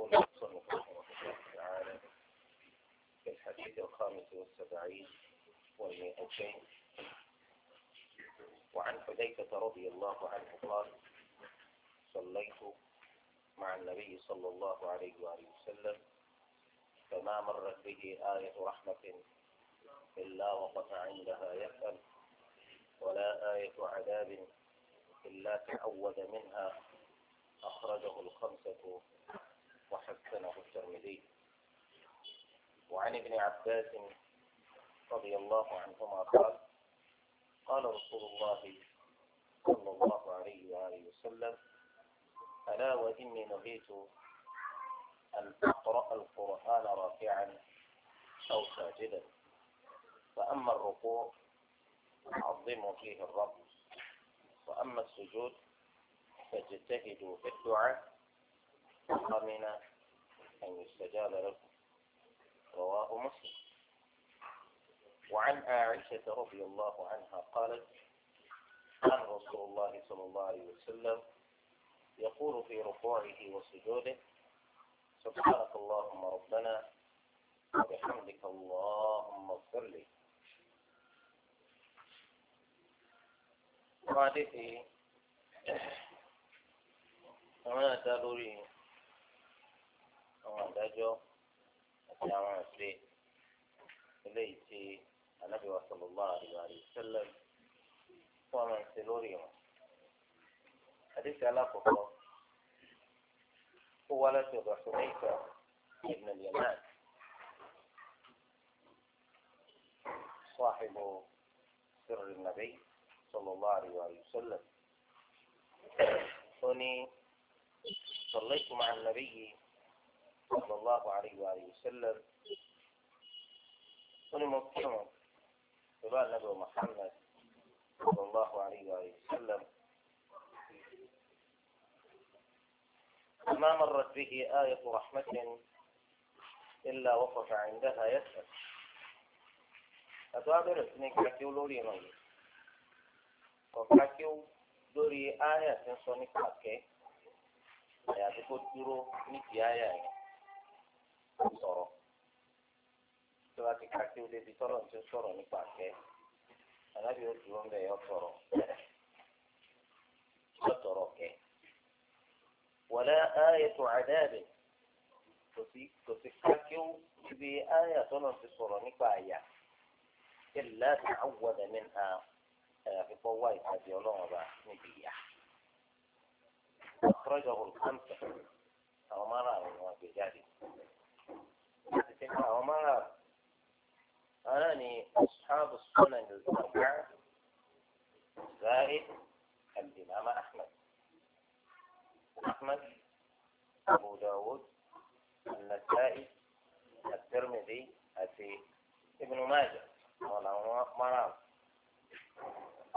يكون مصنف رحمه الله تعالى في الحديث الخامس والسبعين والمئتين وعن حذيفة رضي الله عنه قال صليت مع النبي صلى الله عليه وآله وسلم فما مرت به آية رحمة إلا وقف عندها يأمل ولا آية عذاب إلا تعود منها أخرجه الخمسة وحسنه الترمذي وعن ابن عباس رضي الله عنهما قال قال رسول الله صلى الله عليه وآله وسلم ألا وإني نهيت أن أقرأ القرآن رافعا أو ساجدا فأما الركوع عظم فيه الرب وأما السجود فاجتهدوا في الدعاء قمنا أن يستجاب لكم رواه مسلم وعن عائشة رضي الله عنها قالت كان رسول الله صلى الله عليه وسلم يقول في ركوعه وسجوده سبحانك اللهم ربنا وبحمدك اللهم اغفر لي وعدتي أنا àwọn àdájọ́ àti àwọn àṣẹ eléyìí tí Ànábì wa sallallahu alaihi wa sallam fún àwọn àṣẹ lórí wọn. حديث علاقة هو لا تبع حذيفة ابن اليمان صاحب سر النبي صلى الله عليه وسلم هني صليت مع النبي صلى الله عليه وآله وسلم ونمكنه وبقى نبو محمد صلى الله عليه وآله وسلم ما مرت به آية رحمة إلا وقف عندها يسأل أتوابر اسمك لوري نوي وكاكيو دوري آية سنصوني كاكي آية تكون نتي آية kó sọ̀rọ̀ tó bá ti káàkiri ó débi tọ́lọ̀ tó sọ̀rọ̀ nípa àkẹ́ alábì ó dúró ń bẹ̀ yọ sọ̀rọ̀ yọ sọ̀rọ̀ kẹ́ wọlé ayé tó àdáàbẹ̀ kò sí kò sí káàkiri ó ibi ayé àtọ́nà ti sọ̀rọ̀ nípa àyà ilẹ̀ tí a wọ̀ dẹ̀mí ha àyàfi kọ́ wá ìpàdé ọlọ́run ọba níbi ìyá. أخرجه الخمسة أو مرة من وجه láti ṣe ní àwọn márùn ara ni ashabu sunan al-arba'a zaid al-imam ahmad ahmad abu dawud an-nasa'i at-tirmidhi àti ibn majah wọn làwọn márùn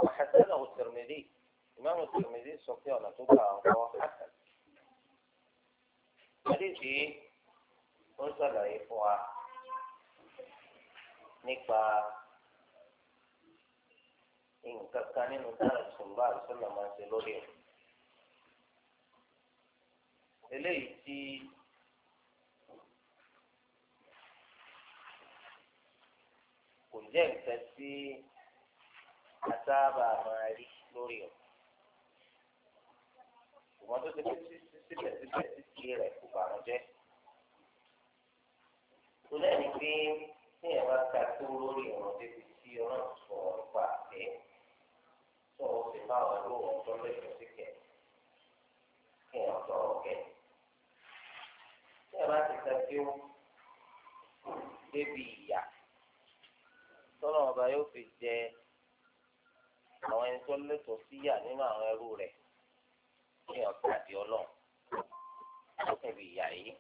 وحسنه الترمذي إمام الترمذي سفيان تبع حسن حديثي ó ń ṣàlàyé fún wa nípa nǹkan kan nínú dára ìṣòro àìsàn máa ń ṣe lórí ẹ̀. eléyìí tí kò jẹ́ nǹkan tí a sábà máa rí lórí ẹ̀. ṣùgbọ́n tó ti pé síbẹ̀síbẹ̀ títí rẹ̀ kò bàrún jẹ́ tó lẹ́nu pé ní ẹ̀rọ ká tó lórí ọ̀rọ̀ débi tí ọ̀rọ̀ sọ nípa àtẹ tó o sì máa wà lóhùn tó lẹ́sọ̀ sí kẹ̀ kí ẹ̀ sọ̀rọ̀ kẹ̀. ní ẹ̀rọ ti ká tí ó débi ìyá tọ́lọ́ ọba yóò fi jẹ àwọn ẹni tó lẹ́tọ̀ọ́ síyà nínú àwọn ẹrú rẹ̀ ní ọ̀sẹ̀ àti ọlọ́run ó kàn bí ìyá yìí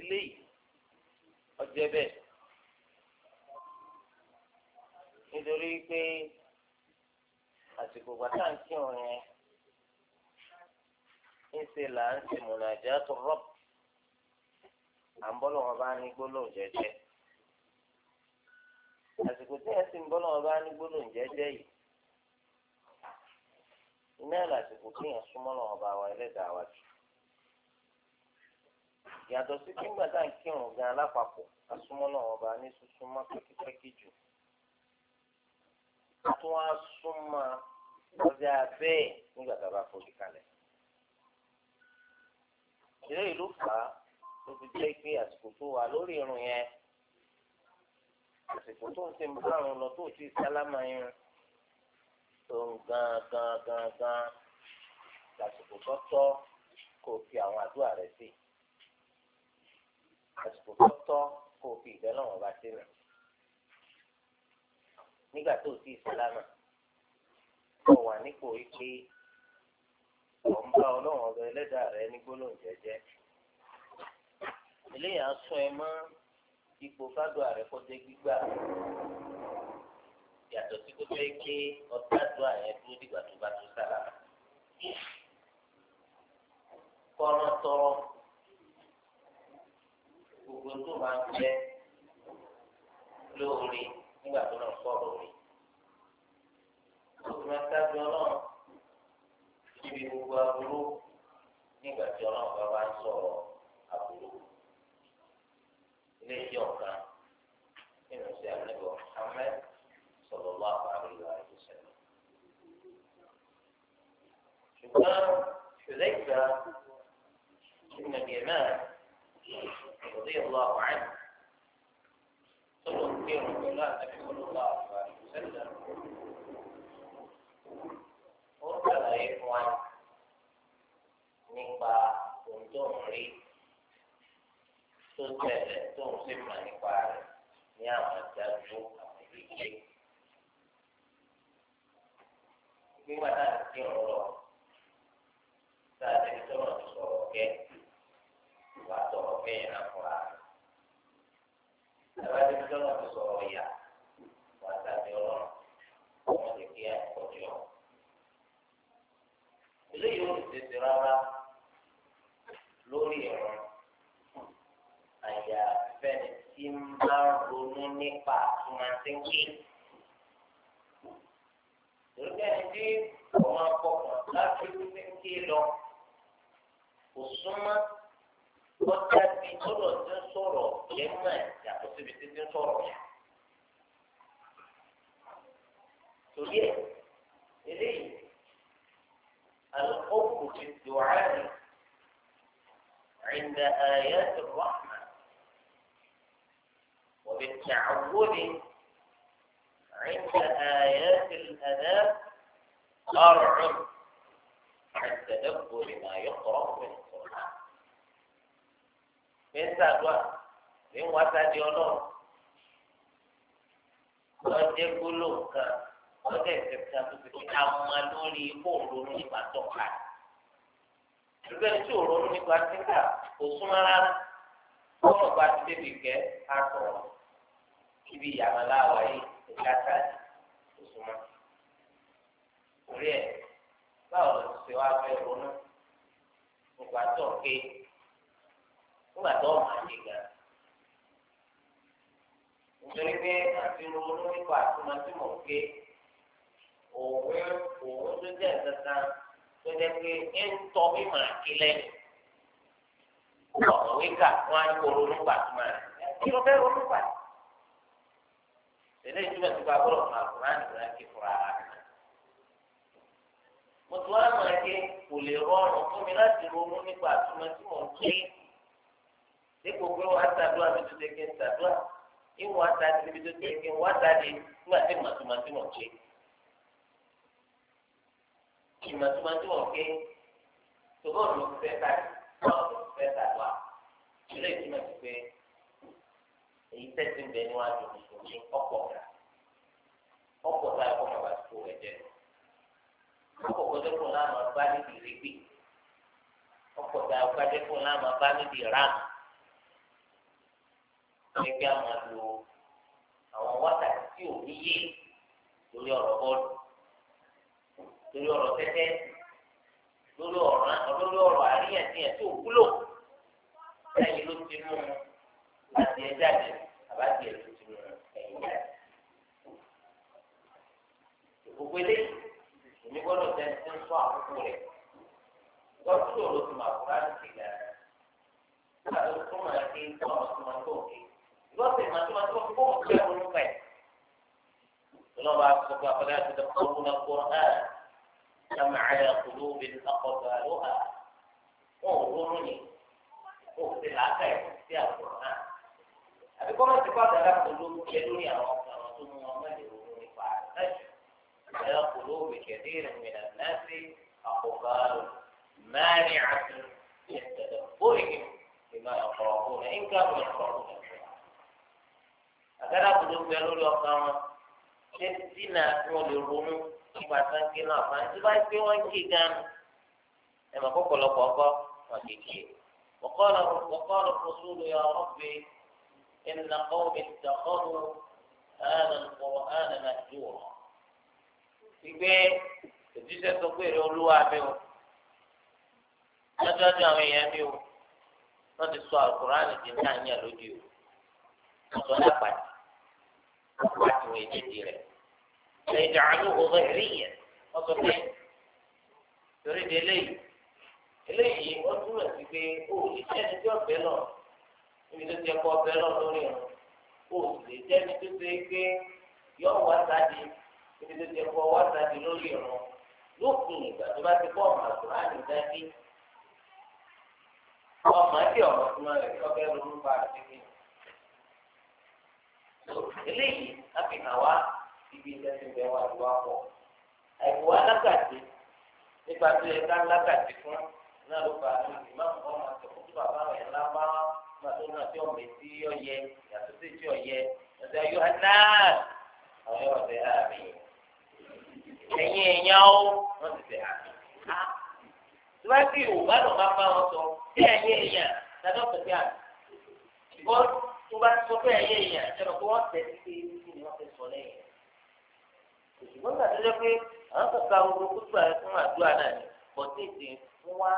eléyìí ọjọ́ bẹ́ẹ̀ nítorí pé àsìkò gbàtà ń kí wọn yẹn ńṣe là ń ṣe mùnàjà tó rọp à ń bọ́lọ̀ wọn bá ní gbólóhùn jẹ́jẹ́ àsìkò tí ẹ̀ sì ń bọ́lọ̀ wọn bá ní gbólóhùn jẹ́jẹ́ yìí iná ẹ̀ làsìkò tí ẹ̀ súnmọ́ lọ́wọ́ bá wa ẹlẹ́dàá wa yàtọ̀ sí pé nígbà tá à ń kírun gan alápapọ̀ asúmọ́ náà ọba ní súnmọ́ pẹ́kípẹ́kí jù tún á súnmọ́ ọjà bẹ́ẹ̀ nígbà tá a bá forí kalẹ̀. ìṣẹ̀lẹ̀ ìlú fà á ló fi jẹ́ pé àsìkò tó wà lórí irun yẹn àsìkò tó ń ṣe márùn lọ tó ti sálámà yẹn tó ń gan gan gan gan lásìkò tó tọ́ kó fi àwọn àdúrà rẹ̀ sí i àsìkò tó tọ́ kó o fi ìbẹ́ lọ́wọ́ bá sí rẹ̀ nígbà tó o ti ìsìlámà kó o wà nípò wípé ọ̀ ń bá ọlọ́run ọba ẹlẹ́dàá rẹ ní gbólóhùn jẹ́jẹ́ eléyà sún ẹ mọ́ ipò fádùn ààrẹ kọjá gbígbà yàtọ̀ sí kó fẹ́ gbé ọ̀dàdùn ààrẹ dúró dìgbà tó bá tó sára kọ́rọ́ tọrọ gbogbo tó máa ń jẹ lóore nígbà tó náà sọ̀rọ̀ rẹ̀ tó máa dájú ọlọ́run níbi gbogbo aburú nígbà tí ọlọ́run bá bá ń sọ̀rọ̀ aburú ilé ìjọ kan nínú sí àlẹ́bọ̀ Muhammad sọ̀rọ̀ lọ́wọ́ àbárí wa ẹ̀jẹ̀ sẹ́lẹ̀ ṣùgbọ́n ṣùlẹ́gbà ìnàgẹ̀mẹ́ رضي الله عنه صلى الله عليه وسلم وقال إخوان nípa ohun tó ń rí tó tẹ̀lé tó ń sì mà nípa rẹ̀ ní àwọn ìdájọ́ àwọn ìdíje. Nígbà náà ti ń lọ sáà tẹ̀lé ń sọ̀rọ̀ kẹ́ ìwà sọ̀rọ̀ kẹ́ yẹn náà fún àbájáde tó lọ́wọ́ sọ̀rọ̀ ibi ìyàmọ̀lá àwáyé ìlàtà òṣùmọ̀. Orí ẹ̀ báwo ló ti ṣe wá fẹ́ ronú? Nígbà tó ń ké, nígbà tó ń máa ṣe gan. Nítorí pé àti ronú nípa àtúmọ̀ tí mò ń ké, òun òun tó jẹ́ kankan tó jẹ́ pé ń tọ́ mímọ̀ àkí lẹ́yìn. Ọ̀wé kà wọ́n á kó ronú pàtó máa Kí ló fẹ́ ronú pàtó? eléyìí túbọ̀ tí wàá gbọ́dọ̀ máa kúrò àdúrà kí fúra rẹ̀. mo ti wá mọ̀ ẹ́ kò lè rọrùn fún mi láti ronú nípa àtúmọ̀ tí mò ń ké dípò pé wàá ṣàdúrà mi tó tẹ́kẹ́ ṣàdúrà ìwọ̀n àtàdé níbi tó tẹ́kẹ́ wọ́n àtàdé nígbà tí mò àtúmọ̀ tí mò ń ké. ìmọ̀ àtúmọ̀ tí mò ń ké tòbọ̀ ló fẹ́ tàbí wọ́n ló fẹ́ tàdúrà eléyìí túmọ̀ sí pé èyí tẹ́sí ń bẹ níwájú mi ní ọ̀pọ̀ ọ̀gá ọ̀pọ̀ tá ẹ̀kọ́ bàbá tó rẹ̀ jẹ́ ọ̀pọ̀ gbọ́dọ̀ fún láàmú bá níbi rẹ́gbì ọ̀pọ̀ tá ẹ̀kọ́ gbọ́dọ̀ fún láàmú bá níbi ram ẹgbẹ́ àwọn lo àwọn wákàtí tí ò níye lórí ọ̀rọ̀ bọ́ọ̀lù lórí ọ̀rọ̀ tẹ́tẹ́ lórí ọ̀rọ̀ lórí ọ̀rọ̀ àríyànjiyàn tí ò wúlò ẹ̀yìn ló ti mú àti ẹ̀ jáde gbogbo eléyìí èmi gbọ́dọ̀ tẹni tí ń sọ àkókò rẹ̀ lọ́sùn lòlò tó máa kúrò láti kéka nígbà tó tó máa ké tó àwọn tó máa tó ké lọ́sẹ̀ máa tó máa tó kó òun tó ẹ̀rọ nípa ẹ̀. àkókò àpẹẹrẹ àti ìdàkọ́rù náà kúrò náà sàmì àyà kúló bí akọ̀tọ̀ àlọ́ à wọn ò ronú ni wọn ò làákà ẹ̀ sí àkùrọ̀ náà àbíkọ́ mọ́ على قلوب كثير من الناس أقبال مانعة من تدبرهم فيما يقرؤون إن كانوا يقرؤون القرآن أكاد قلوب يقولوا القرآن شدنا نقول الرمو nípa sáńkì náà fún àti báyìí pé wọ́n ń kí gan ẹ mọ̀ وقال الرسول يا ربي إن قوم اتخذوا هذا القرآن مهجورا ìgbé òjíṣẹ́ sọ pé èrè olúwa mi o lọ́jọ́jọ́ àwọn èèyàn mi o wọ́n ti sọ àkùránì di náà ní àlódì o wọ́n sọ lápàdé láti wọ ìdíje rẹ̀ lẹ́yìn dàánú òwe rí yẹn wọ́n sọ pé torí di eléyìí eléyìí wọ́n túmọ̀ sí pé o ò ní sẹ́ni tí ọ̀bẹ lọ níbi tó ti ẹ̀kọ́ ọ̀bẹ lọ lórí ọ̀run o ò sì lè tó ṣe é pé yọ̀ọ̀ wá sáà ibi tó ti ẹ̀kọ́ wá sáde lórí ẹ̀rọ lókun ìgbà tó bá ti kọ́ ọ̀mà àtúrà ní dájú ọmọ àti ọ̀rọ̀ tó máa rẹ̀ ọ̀gá ẹ̀rọ ló bá ti kí eléyìí àfihàn wa ibi ìtẹ́sí bẹ́ẹ̀ wà ló wá pọ̀ àìkú wa lákàtí nípa tó yẹ ká lákàtí fún náà ló bá a lò ìmọ̀ ọmọ àti ọkùnrin bàbá rẹ̀ lábá gbàtó náà tí ọmọ etí ọyẹ yàtọ̀ sí ti ọyẹ ọ̀sẹ̀ ayọ̀ náà àwọn ọ̀sẹ̀ ààrẹ yẹn ẹ̀yin èèyàn ó wọ́n ti bẹ̀rẹ̀ àná. Tíwájú ìwòwá ló máa bá wọn sọ bí ẹ̀yin èèyàn lọ́dọ̀ pẹ̀lú àná. Ṣùgbọ́n tó bá sọ pé ẹ̀yin èèyàn ṣẹlẹ̀ pé wọ́n tẹ̀ sí pé kí ni wọ́n fẹ́ sọ lẹ́yìn rẹ̀. Ṣùgbọ́n gbàdúrà jẹ́ pé àwọn kọ̀ọ̀kan ogun kútu àrẹ fún àdúrà náà ni kọ̀ọ̀tẹ̀ẹ̀tì wá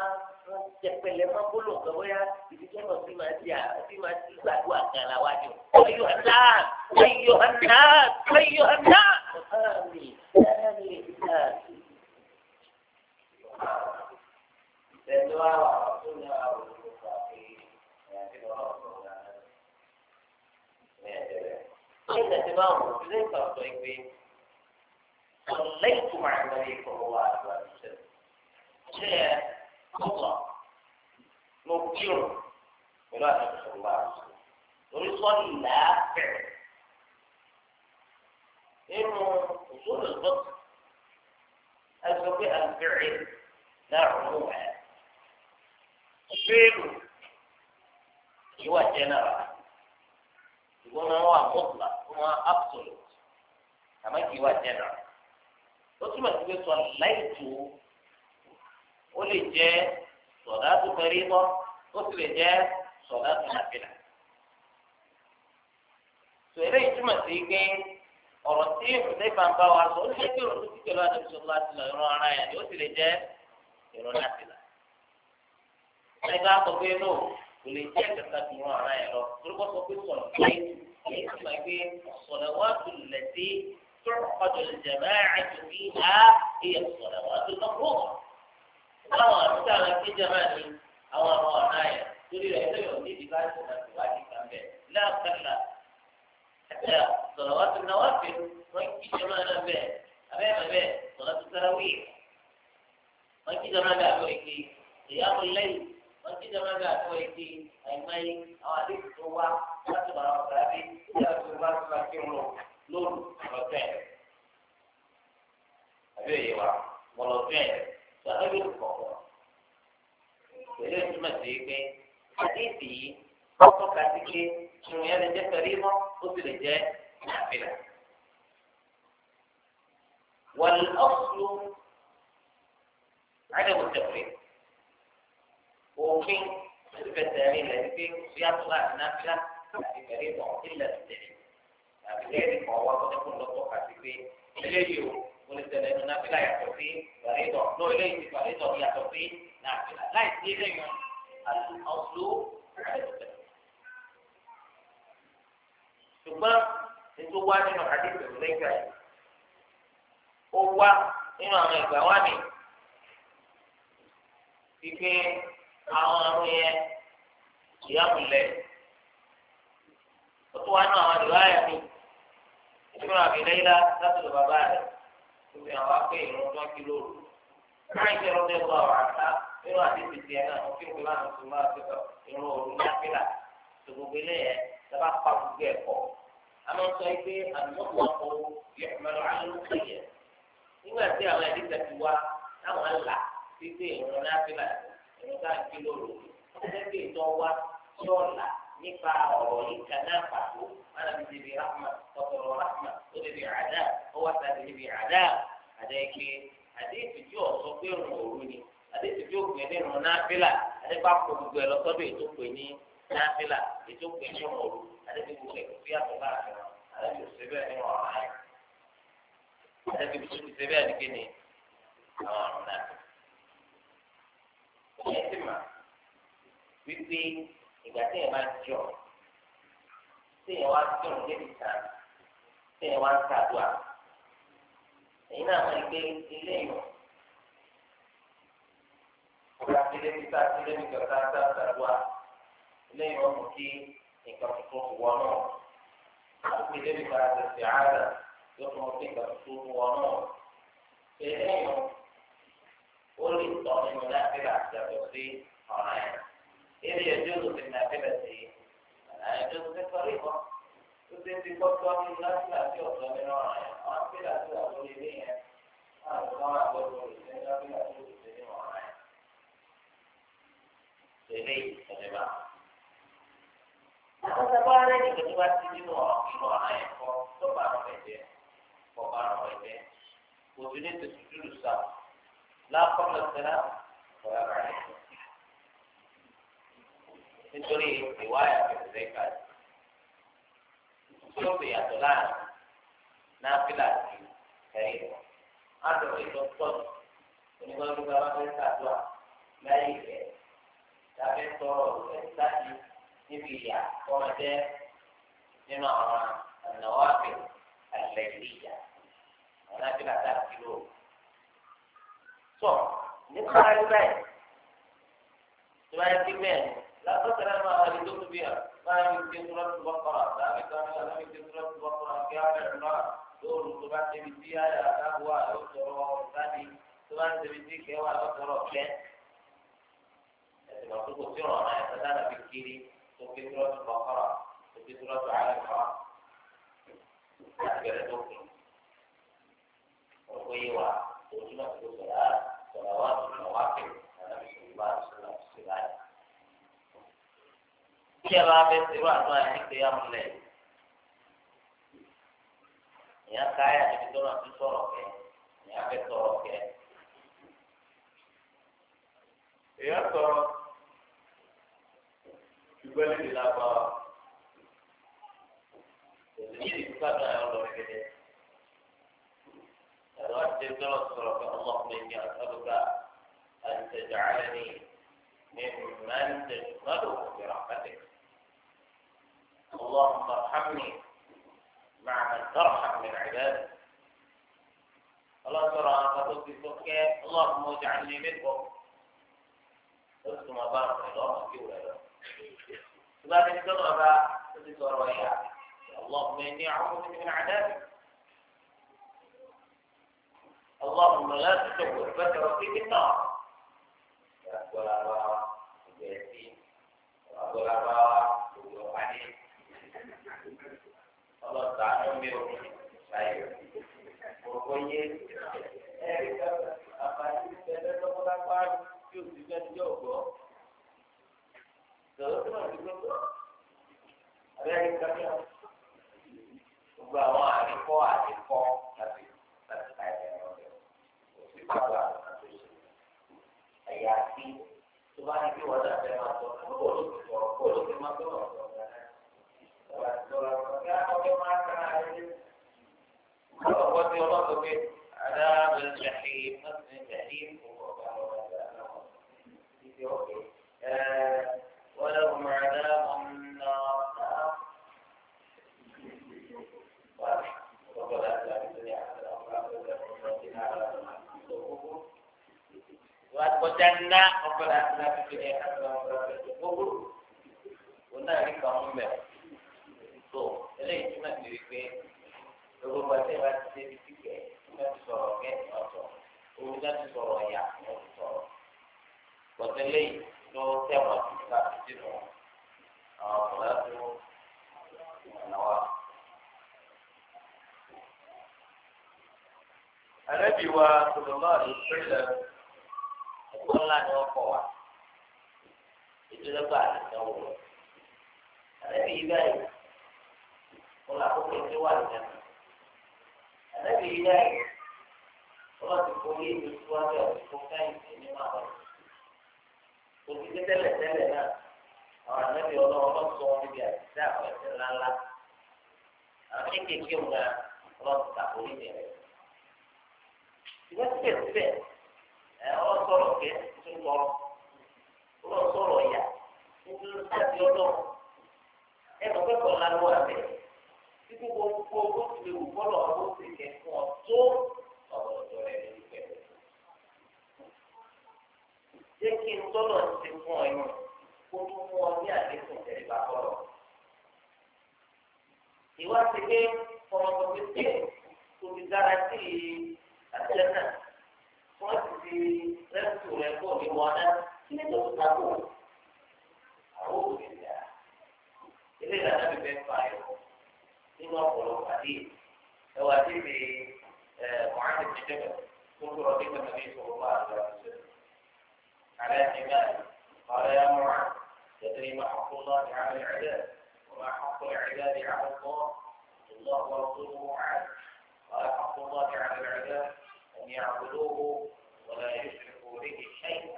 wọ́n jẹ pẹ̀lẹ́ mọ́ gbólóǹkà bóyá ìdíjẹ́nà sí máa di àti máa di gbàdúrà kan làwájú. Ọ̀yọ̀ náà! Ọ̀yọ̀ náà! Ọ̀yọ̀ náà! أخفاني ثاني الناس Allah. Mukjizat. Berapa besar Allah. Berisalah fikir. nínú òṣòlù lọ́tù ẹsọ pé àgbèrè dàrú ẹ̀ fíìmù ìwà jẹ́nẹ̀rà ìwọ́n máa ń wà mọ́tòlá wọ́n máa absolute àmọ́ kì í wà jẹ́nẹ̀rà ó túmọ̀ sí pé sọ láìtó ó lè jẹ́ sọ̀dá tó fẹ́rí bọ́ ó sì lè jẹ́ sọ̀dá tó nàfẹ́lá. sọ eléyìí sí pé. ọ̀rọ̀ tí ìfúnṣẹ́fà ń bá wa sọ ó lè kírun tó kíkẹ́ lọ́wọ́ àdébísọ̀ ńlá ti lọ ìran ara yẹn ni ó sì lè jẹ́ ìran láti là. ẹni bá sọ pé lò kò lè jẹ́ kẹta ti ìran ara yẹn lọ torúkọ sọ pé sọ̀rọ̀ pé èyí ti máa gbé ọ̀sọ̀rọ̀ wá tulẹ̀ sí tọ́kọ̀tọ̀ ìjẹ̀mẹ́ àjòkí á iye ọ̀sọ̀rọ̀ wá tó lọ́kọ̀. láwọn àtúntà àwọn ni àwọn ọmọ ọ̀nà yẹn torí rẹ̀ صلوات النوافل وانكي جمعنا به أمام به صلاة التراويح وانكي جمعنا به قيام الليل وانكي جمعنا به أيمي أواديك هو كاتب على مصابي كاتب على مصابي لون رفاه أبي يوا ولوفاه فأبي الفقر إليه تمسيكي حديثي wọ́n tọ́ka sí pé yẹn lè jẹ́ fẹ̀rí mọ́ ó sì lè jẹ́ nàfìlà. والأصل عدم التفريق وفي الفتاري التي يطلع نافلة في فريضة إلا بالدليل فبذلك فهو قد يكون له طاقة في إليه ولذلك النافلة يعتبر فريضة لو إليه فريضة يعتبر نافلة لا يستطيع الأصل عدم التفريق ṣùgbọ́n ètò wá nínú àdéhùn lẹ́gbẹ̀ẹ́ yìí ó wá nínú àwọn ìgbà wá mi wípé àwọn àrùn yẹn ìyá kulẹ̀ ó tún wá nínú àwọn ìlú ayà mi ìṣúná àbílẹ́yìnlá láti lọ bàbá rẹ̀ òfin àwọn akpé ìrún tó ń kí lóru náà ìṣe ìrún tó ń lọ àwọn àṣà nínú àdéhùn tiẹ̀ náà ó fi ń pè láti sùn láti sọ ìrún òru ní àpìlà tó gbogbo eléyẹn sábà pa gbogbo ẹ̀kọ́ àmọ́ sọ pé ànúmọ̀kọ́ yẹ ọmọlú alóòkè yẹ nígbà tí àwọn ẹ̀dí tẹ̀sí wa táwọn là títí ìrún náà fi là ẹ̀rọ tá a fi lóru ọ̀sẹ̀ tí ìtọ́ wa yọ̀ là nípa ọ̀rọ̀ yìí kan náà pàtó wọn àti tẹ̀lé rahma ọ̀sọ̀rọ̀ rahma ó tẹ̀lé àdá ọwọ́ ta tẹ̀lé àdá àdá ẹ̀kẹ́ àdé ọ̀sọ́ pé ìrún òru ni àdé ìtìjú ìrún náà fi là àdé gbogbo ẹ̀ lọ ètò pè ní náfìlà ètò pẹ̀lú ọ̀rọ̀ àdébíwò rẹ̀ kò fi àtúbà rẹ̀ àdébíwò ṣe bẹ́ẹ̀ ní ọ̀rọ̀ rẹ̀ àdébíwò tó ti ṣe bẹ́ẹ̀ ní kíni àwọn ọ̀rọ̀ náà. Ìyẹn ti mà wípé ìgbà tí ẹ̀ máa jọ tí ẹ̀ wá jọ̀rọ̀ débi kan tí ẹ̀ wá ń ṣàdúrà èyí náà máa ń gbé ilé ìwọ̀n kó lásìlẹ̀ nípa sílẹ̀ nípa sáà sáà sáà wá. lẹ́yìn wọn kò kí nǹkan tuntun ti wọ náà àti ilé nípa àtẹ̀sí àádà yóò fún wọn kí nǹkan tuntun ti wọ náà ṣe lẹ́yìn ó lè tọ́ nínú nàìjíríà yàtọ̀ sí ọ̀ràn yẹn ilé ẹjọ́ ló fi nàìjíríà sí ọ̀ràn yẹn tó ti sọ̀rọ̀ ìbọn tó ti ti kọ́kọ́ nínú nàìjíríà sí ọ̀tọ̀ nínú ọ̀ràn yẹn wọn á fi làtúwà lórí ilé yẹn wọn á fi lọ́wọ́ àgbọ̀dọ̀ òṣèlú nàìjíríà tó ti ṣe nínú ọ̀ràn yẹn. sábà rẹ̀ nìkan tó bá ti nínú ọ̀rọ̀ ọ̀rọ̀ ẹ̀kọ́ tó bá rọ̀ ẹ̀jẹ̀ kó bá rọ̀ ẹ̀jẹ̀ kò sí ní tètè dúdú sá lápọ̀lọ̀ sẹ́lá ọ̀rọ̀ ara rẹ̀ nítorí ìwáyà kẹsẹ̀ ká tí ó fi yàtọ̀ láàrin náà fílà sí ẹ̀yìn á lọ ìtọ́jú onígbàgbọ́gbà bá fẹ́ sàdúrà láyé ìfẹ́ tàbí tọrọ ìfẹ́ láti. نفيا ومتى لنرى النوافل الليلية ونافلة ثلاث كيلو صور نقرأ البيت سبعين كمان لا تقرا ما يدوم بها ما يمكن سورة البقرة ذلك أنا لا يمكن سورة البقرة في هذا العمر دور سبعين كمان فيها لا تهوى وترى ثاني سبعين كمان فيها وترى ثلاث لكن سورة ما يتدارى بالكيري وفي سورة البقرة وفي سورة آل عمران أكبر مؤمن وقوي وجمة الصلاة صلوات النوافل النبي صلى الله عليه وسلم في الصلاة kí ẹ bá fẹ́ ṣe wá àdúrà ní kéyàmù lẹ̀. Ìyá káyà níbi tó náà ti sọ̀rọ̀ kẹ́, ìyá fẹ́ sọ̀rọ̀ kẹ́. Ìyá sọ̀rọ̀. ìgbẹ́lẹ̀ lába èyí ìgbàgbà ọ̀rọ̀ ممن برحمتك اللهم ارحمني مع من ترحم من عبادك اللهم اجعلني منهم قلت ما بارك الله فيك تبقى تنزل أبا تزيد روايات اللهم إني أعوذ بك من عذابك اللهم لا تزوج بشرتي بالنار Allah Taala memberi saya. Pokoknya, eh, apa ini? Saya tak pernah paham. Jauh juga jauh. abẹ́rẹ́ kàmíà gbogbo àwọn àdìkọ́ àdìkọ́ láti láti ka ẹ̀rọ ọ̀dọ̀ òsì pàtó àti oṣù ẹ̀yà àti tó bá ní kí wọ́n dà bẹ́ẹ̀ máa tọ́ kó o ti sọ̀rọ̀ kó o ti máa tọ́ ọ̀dọ̀ ọ̀gá sọ̀rọ̀ ọ̀gá ọ̀gá máa kà á yẹ kọ́lọ̀ wọ́n ti ọlọ́dọ̀ pé adáàbẹ̀ ṣàhìn mọ́tìmẹ̀ ṣàhìn kò kọ̀ ọ̀gá ọ̀gá ọ̀gá ọ̀gá ọ̀gá ọ̀gá وأتوجنا ربنا أتنا في الدنيا حسنة وفي القبور ونعرف كم tó eléyìí túmọ̀ sí wípé gbogbo ọtí bá ti débi síkẹ̀ nígbà tí sọ̀rọ̀ kẹ́ ọ̀tọ̀ omi náà ti sọ̀rọ̀ ẹ̀yà ọ̀tọ̀ sọ̀rọ̀ pọ̀tẹ́ eléyìí tó tẹ̀wọ̀n sí nígbà tó ti nù àwọn ọ̀pọ̀lá tó ọ̀nà wa. Àrẹ́bí wa sọ̀rọ̀ náà kọ́lá ni wọ́n kọ́ wa ìdílọ́gbà àtẹ̀sánwó rẹ̀ àlẹ́bí yìí báyìí wọ́n là kókò tí wà ní ẹ̀sán àlẹ́bí yìí báyìí wọ́n ti forí ìlú tí wọ́n bẹ̀ ọ̀sùn fún fẹ́yìntì nínú àwọn ọ̀sùn òfin tẹ́lẹ̀ tẹ́lẹ̀ náà àwọn àlẹ́bí ọlọ́wọ́ lọ́ sọ wọn níbi àtìsí àwọn ẹ̀sẹ̀ ńláńlá àwọn kéékèèké wọn náà ti tàkórí ìbẹ̀rẹ̀ ìbẹ́sẹ̀ ẹ ọ sọ̀rọ̀ kẹ tó lọ ọ sọ̀rọ̀ yà nítorí sáàbì ọlọ ẹ lọ pẹpẹ ọlá lọ àbẹ tí gbogbo gbogbo tó ti wù bọlọ ọdún ti kẹ fún ọ tó ọ̀rọ̀ ọ̀dọ̀ rẹ lórí pẹ̀lú jẹ kí n tọ́lọ̀ ti fún ọ ìwádìí pé ọmọ tó ti tẹ̀ tó ti dára sí i náà. wọ́n ti fi rẹ́pù rẹ̀ pọ̀ ní wọn náà kí ni tó ta kù. àwọn òbí rẹ̀ ilé ìlànà mi fẹ́ fà yọ nínú ọ̀pọ̀lọpọ̀ àdé ẹwà tí mi mọ̀hánì ti dẹ́gbẹ̀ tó tó ọdún kan tàbí ìṣòro bá àgbà ṣe. على حماية قال يا معاذ تدري ما حق الله على العباد وما حق العباد على الله الله ورسوله أعلم قال حق الله على العباد أن يعبدوه ولا يشرك به شيئا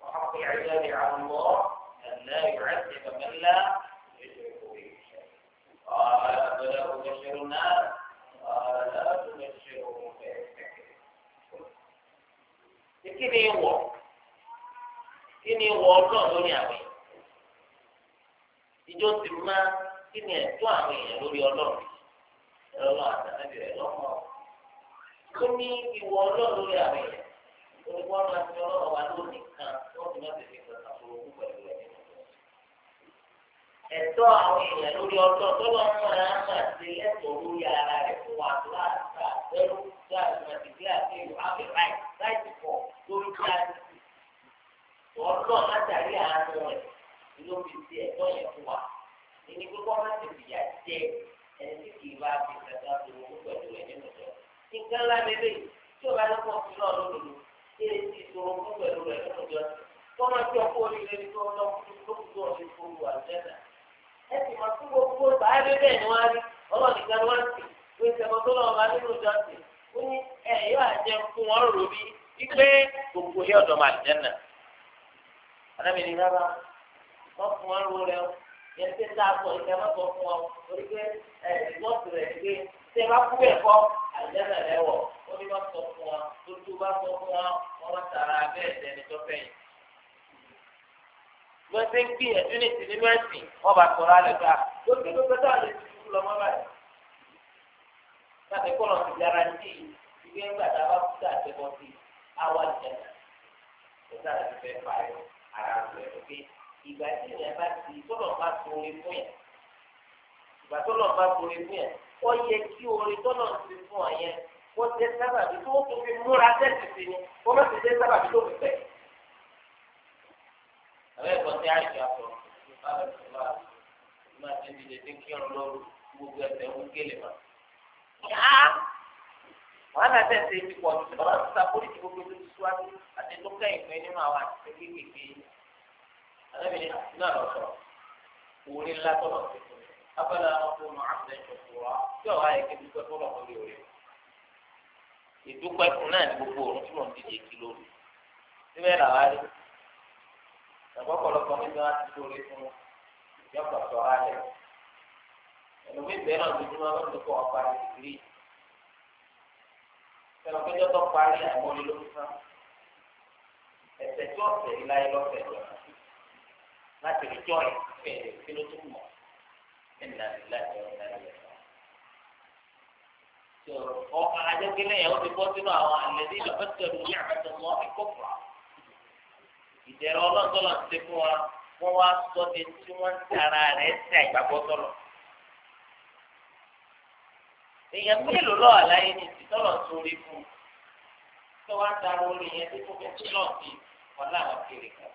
وحق العباد على الله أن لا يعذب من لا يشرك به شيئا قال فلا أبشر الناس قال لا تبشرهم فيستكبر لكن يوم kí ni wọ ọlọ́ọ̀ lórí àwọn èèyàn ìjọ ti máa kí ni ẹ̀tọ́ àwọn èèyàn lórí ọlọ́ọ̀ ẹ̀rọ àtàlẹ́bẹ̀rẹ̀ lọ́mọ ó ní ìwọ ọlọ́ọ̀ lórí àwọn èèyàn orúkọ ọ̀rọ̀ àti ọlọ́rọ̀ wa ló nìkan wọ́n ti má tètè kàn án fún orúkọ pẹ̀lú ẹ̀ ẹ̀tọ́ àwọn èèyàn lórí ọjọ́ tó lọ mọ ara mà sí ẹ̀tọ́ lórí ara rẹ̀ fún wa láàbà lẹ́rú gbàgbé màtìkí àti ìlú àbẹ̀ láì láì pọ̀ lórí kíláàsì wọ́n lọ látàrí àánú rẹ̀ ló fi ti ẹ̀tọ́ yẹn fún wa ẹni gbogbo wọn ti fìyà jẹ ẹni tí kì í bá fi kàkà tó owó pẹ̀lú ẹ̀ nínú ìjọ. nǹkan lábẹ́lẹ́ tí o bá lọ́kọ̀ fún náà kí èsì ìṣòro fún pẹ̀lú rẹ̀ fún ìjọ tó máa fi ọkọ oríire ní tó lọ fún tó kù tó ọ̀sẹ̀ fún olùwà jẹ́nà. ẹ sì máa tún gbogbo báyìí bẹ́ẹ̀ ni wọ́n á rí ọlọ́ọ̀nì kan wọ́n sì pé ìṣẹ̀mọ́ tó lọ́wọ́ bá nínú ìjọ sì ó ní ẹ̀ yóò àjẹ fún wọn rò bí wípé gbogbo yóò dọ̀ máa jẹ́nà. àdàbí ni rárá wọ́n fún wọn rò rẹ yẹn ti dá àpò ìṣẹ̀mọ́ tó fún ọmọ tààrà bẹ́ẹ̀ dẹni tó fẹ̀yìn. wọ́n ti ń gbìyànjú ní ti nínú ẹ̀sìn wọ́n bá tọ̀rọ̀ alẹ́ gbà lókè ló gbẹ́dọ̀ àlẹ́ ti kú lọ́mọ báyìí. láti kọ́nà ti yára sí ìgbé ńgbà tá a bá kú sí àtẹ̀bọ̀ sí àwọn ìjẹ̀dá. ó sára ti fẹ́ fà yọ ara rẹ̀ pé ìgbà tí ìyẹn bá ti tọ́lọ̀ bá torí fún yẹn ìgbà tọ́lọ̀ bá torí fún yẹn ó yẹ kí orin tọ́lọ̀ ti fún ọ yẹn ó jẹ́ sábàbí tó tó fi múra tẹ́sí sí ni ó má ti jẹ́ sábàbí tó fi tẹ̀. àwọn ẹ̀kọ́ tí àìsàn sọ bábà tó bá máa ti di dèdè kí ọ̀run lọ́rù gbogbo ẹ̀sẹ̀ ń gélé ma. wàhálà tẹ̀sí ti pọ̀ jù bàbá tó ta pólítì gbogbo tó ti síwájú àti tó kẹ́yìn pé nínú àwọn àti kéékèèké alábìrin náà lọ sọ òwúrẹ́ ńlá tọ́lọ̀ sí abala ọkùnrin àti ẹ̀ṣọ́ fúra tí ọ̀ ìdúpẹ́ fún náà ní gbogbo òun tí mò ń dìde kí lóru síbẹ̀ làwa rí ọ̀pọ̀lọpọ̀ nígbà wọn ti sóore fún yọkọ̀ sọ alẹ̀ ẹlòmíì bẹ́ẹ̀ náà lójú wọn lọ́dún kọ́ ọ̀pá ní dìgírì sọ̀rọ̀ pé jọ́tọ̀ parí àìmọ́lé ló fún ẹsẹ̀ tí ọ̀sẹ̀ yìí láyé lọ́sẹ̀ lọ láti rí jọ́ọ̀yì fẹ̀rẹ̀ kí ló tún mọ̀ ẹ̀ ọkàn ajẹkẹlẹ yẹn ó ti bọ́ sínú àwọn àlẹbí lọfẹsẹrù ní àbẹsẹmọ ìkọfà ìdẹrẹ ọlọsọlọ ti fún wa wọn wá sọ de tí wọn tara rẹ ta ìgbàgbọ́ sọlọ. èèyàn mélòó lọ àlàyé ní ìtọ́lọ̀ tó rí fún un tó wá tara orí yẹn tí kò fẹ́ tí náà fi wọn láwọn kiri kan.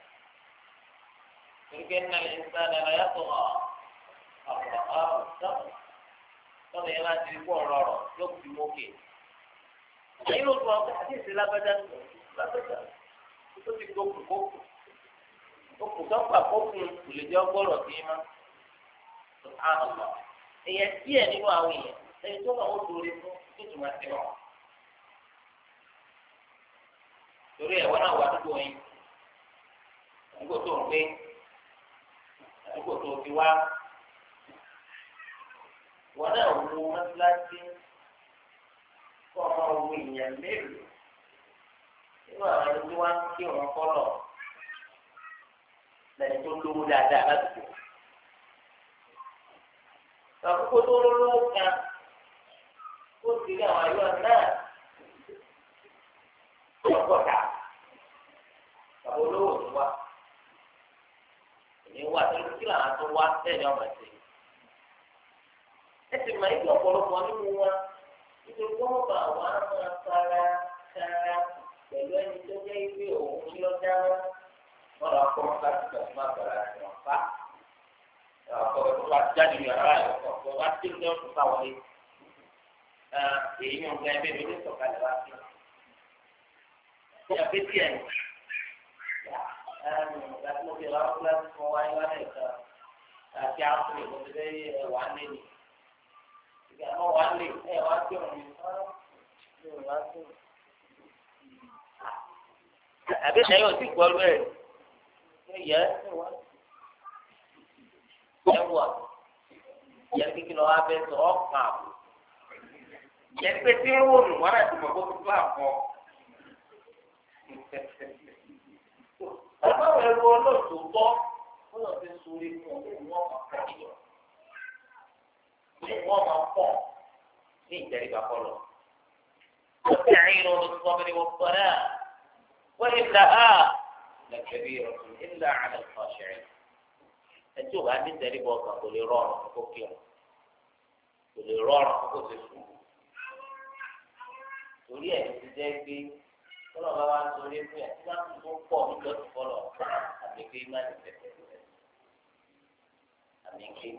torí pé nínú ìsàn àlàyé tó hàn ọ̀pọ̀ tọ́mọ yẹn máa ti rí fún ọ̀rọ̀ ọ̀rọ̀ yóò fi mókè. ẹ̀yin ló tún ọkọ àti ìṣe lágbájá lágbájá tó ti gbókù kókù kókù tọ́pà kókù kò lè jẹ́ ọgbọ́rọ̀ sí ma. sùhánàlá èèyàn díẹ̀ nínú àwọn èèyàn ẹni tó máa ń fún tó tún máa ti torí ẹ̀wọ́n náà wà dúdú àdúgbò tó wọn náà wo mọ́sálásí kọ́ ọmọ owó èèyàn mélòó nínú àwọn ẹni tí wọ́n ń kí wọn kọ́lọ̀ lẹ́yìn tó lówó dáadáa ládùúgbò. Àkókò tó lówó kan ó ti rí àwọn àyọ̀ náà lọ́gọ́ta. Àwọn olówó ti wá. Èmi wà tó kí làwọn tó wá bẹ́ẹ̀ ni ọmọ ẹ̀sìn ẹ sì máa ń gbé ọ̀pọ̀lọpọ̀ nínú wa nítorí wọ́n bá wà á máa fara kára pẹ̀lú ẹni tó jẹ́ ibi òun lọ dáná wọ́n lọ kọ́ wọn láti gbà fún àgbàrá àti wọn fa ọ̀pọ̀ tó bá jáde yàrá ìkọ̀ tó bá tí ó dẹ́kun sáwọlé èyí ń gbẹ ẹgbẹ́ mi ní sọ̀kalẹ̀ wá sí ọ̀pẹ̀ tí ẹ̀ ìgbà tí mo fi ra ọ́ kíláàsì fún wáyé wá lẹ́ẹ̀kan àti àwọn ọmọ ìbọn ti bẹ́ẹ̀ wà á lé nìyí ìyàwó wa lè ẹ wá sí òun ní wá sí òun. àbí ẹ̀yin ò sì gbọ́ bẹ́ẹ̀ ẹ̀yẹ ẹ wà ìyá kíkì lọ wá bẹ́ẹ̀ sọ ọ̀kan àbò ìyá pé tí ń wò nù wọ́n náà ti mọ̀ bó ti bá àpọ̀. Àbáwọ̀ ẹ̀rọ olóòtú gbọ́ ó lọ sí fún ọ̀gbìn ìjọba wọ́n máa pọ̀ ní ìtẹríba kọlọ. واستعينوا بالصبر والصلاة وإنها لكبيرة إلا على الخاشعين ẹtí òbá ní tẹríba ọkàn kò lè rọrùn kó kí ọ kò lè rọrùn kó ti sùn torí ẹ ti jẹ pé kọlọ bá wá sórí fún ẹ tí wọn kò tó pọ̀ níjọ tó kọlọ àmì pé má ní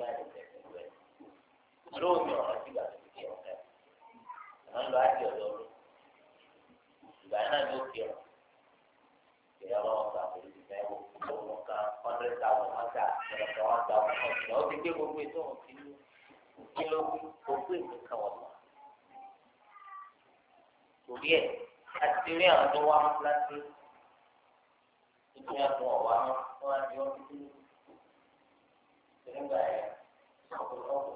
tẹtẹ lóòmì ọ̀rọ̀ ti gbà tó fi ọ̀ ẹ̀ àwọn ń lọ àti ọ̀dọ́ mi ìgbà náà ni ó fi ọ̀ ìyá wọn gbà pẹ̀lú ìgbà ẹ̀wọ̀ owó kan hundred thousand wọn gbà ẹ̀rọ wọn gbà wọn kàn sílẹ̀ ó ti gbé gbogbo ètò òun ti lú kí ló wí gbogbo ètò kan wọn mọ̀ torí ẹ̀ àti rí àwọn tó wá mú láti nítorí àwọn ọ̀wá mú wọn á di wọn títí nígbà yẹn ọ̀pọ̀lọpọ̀.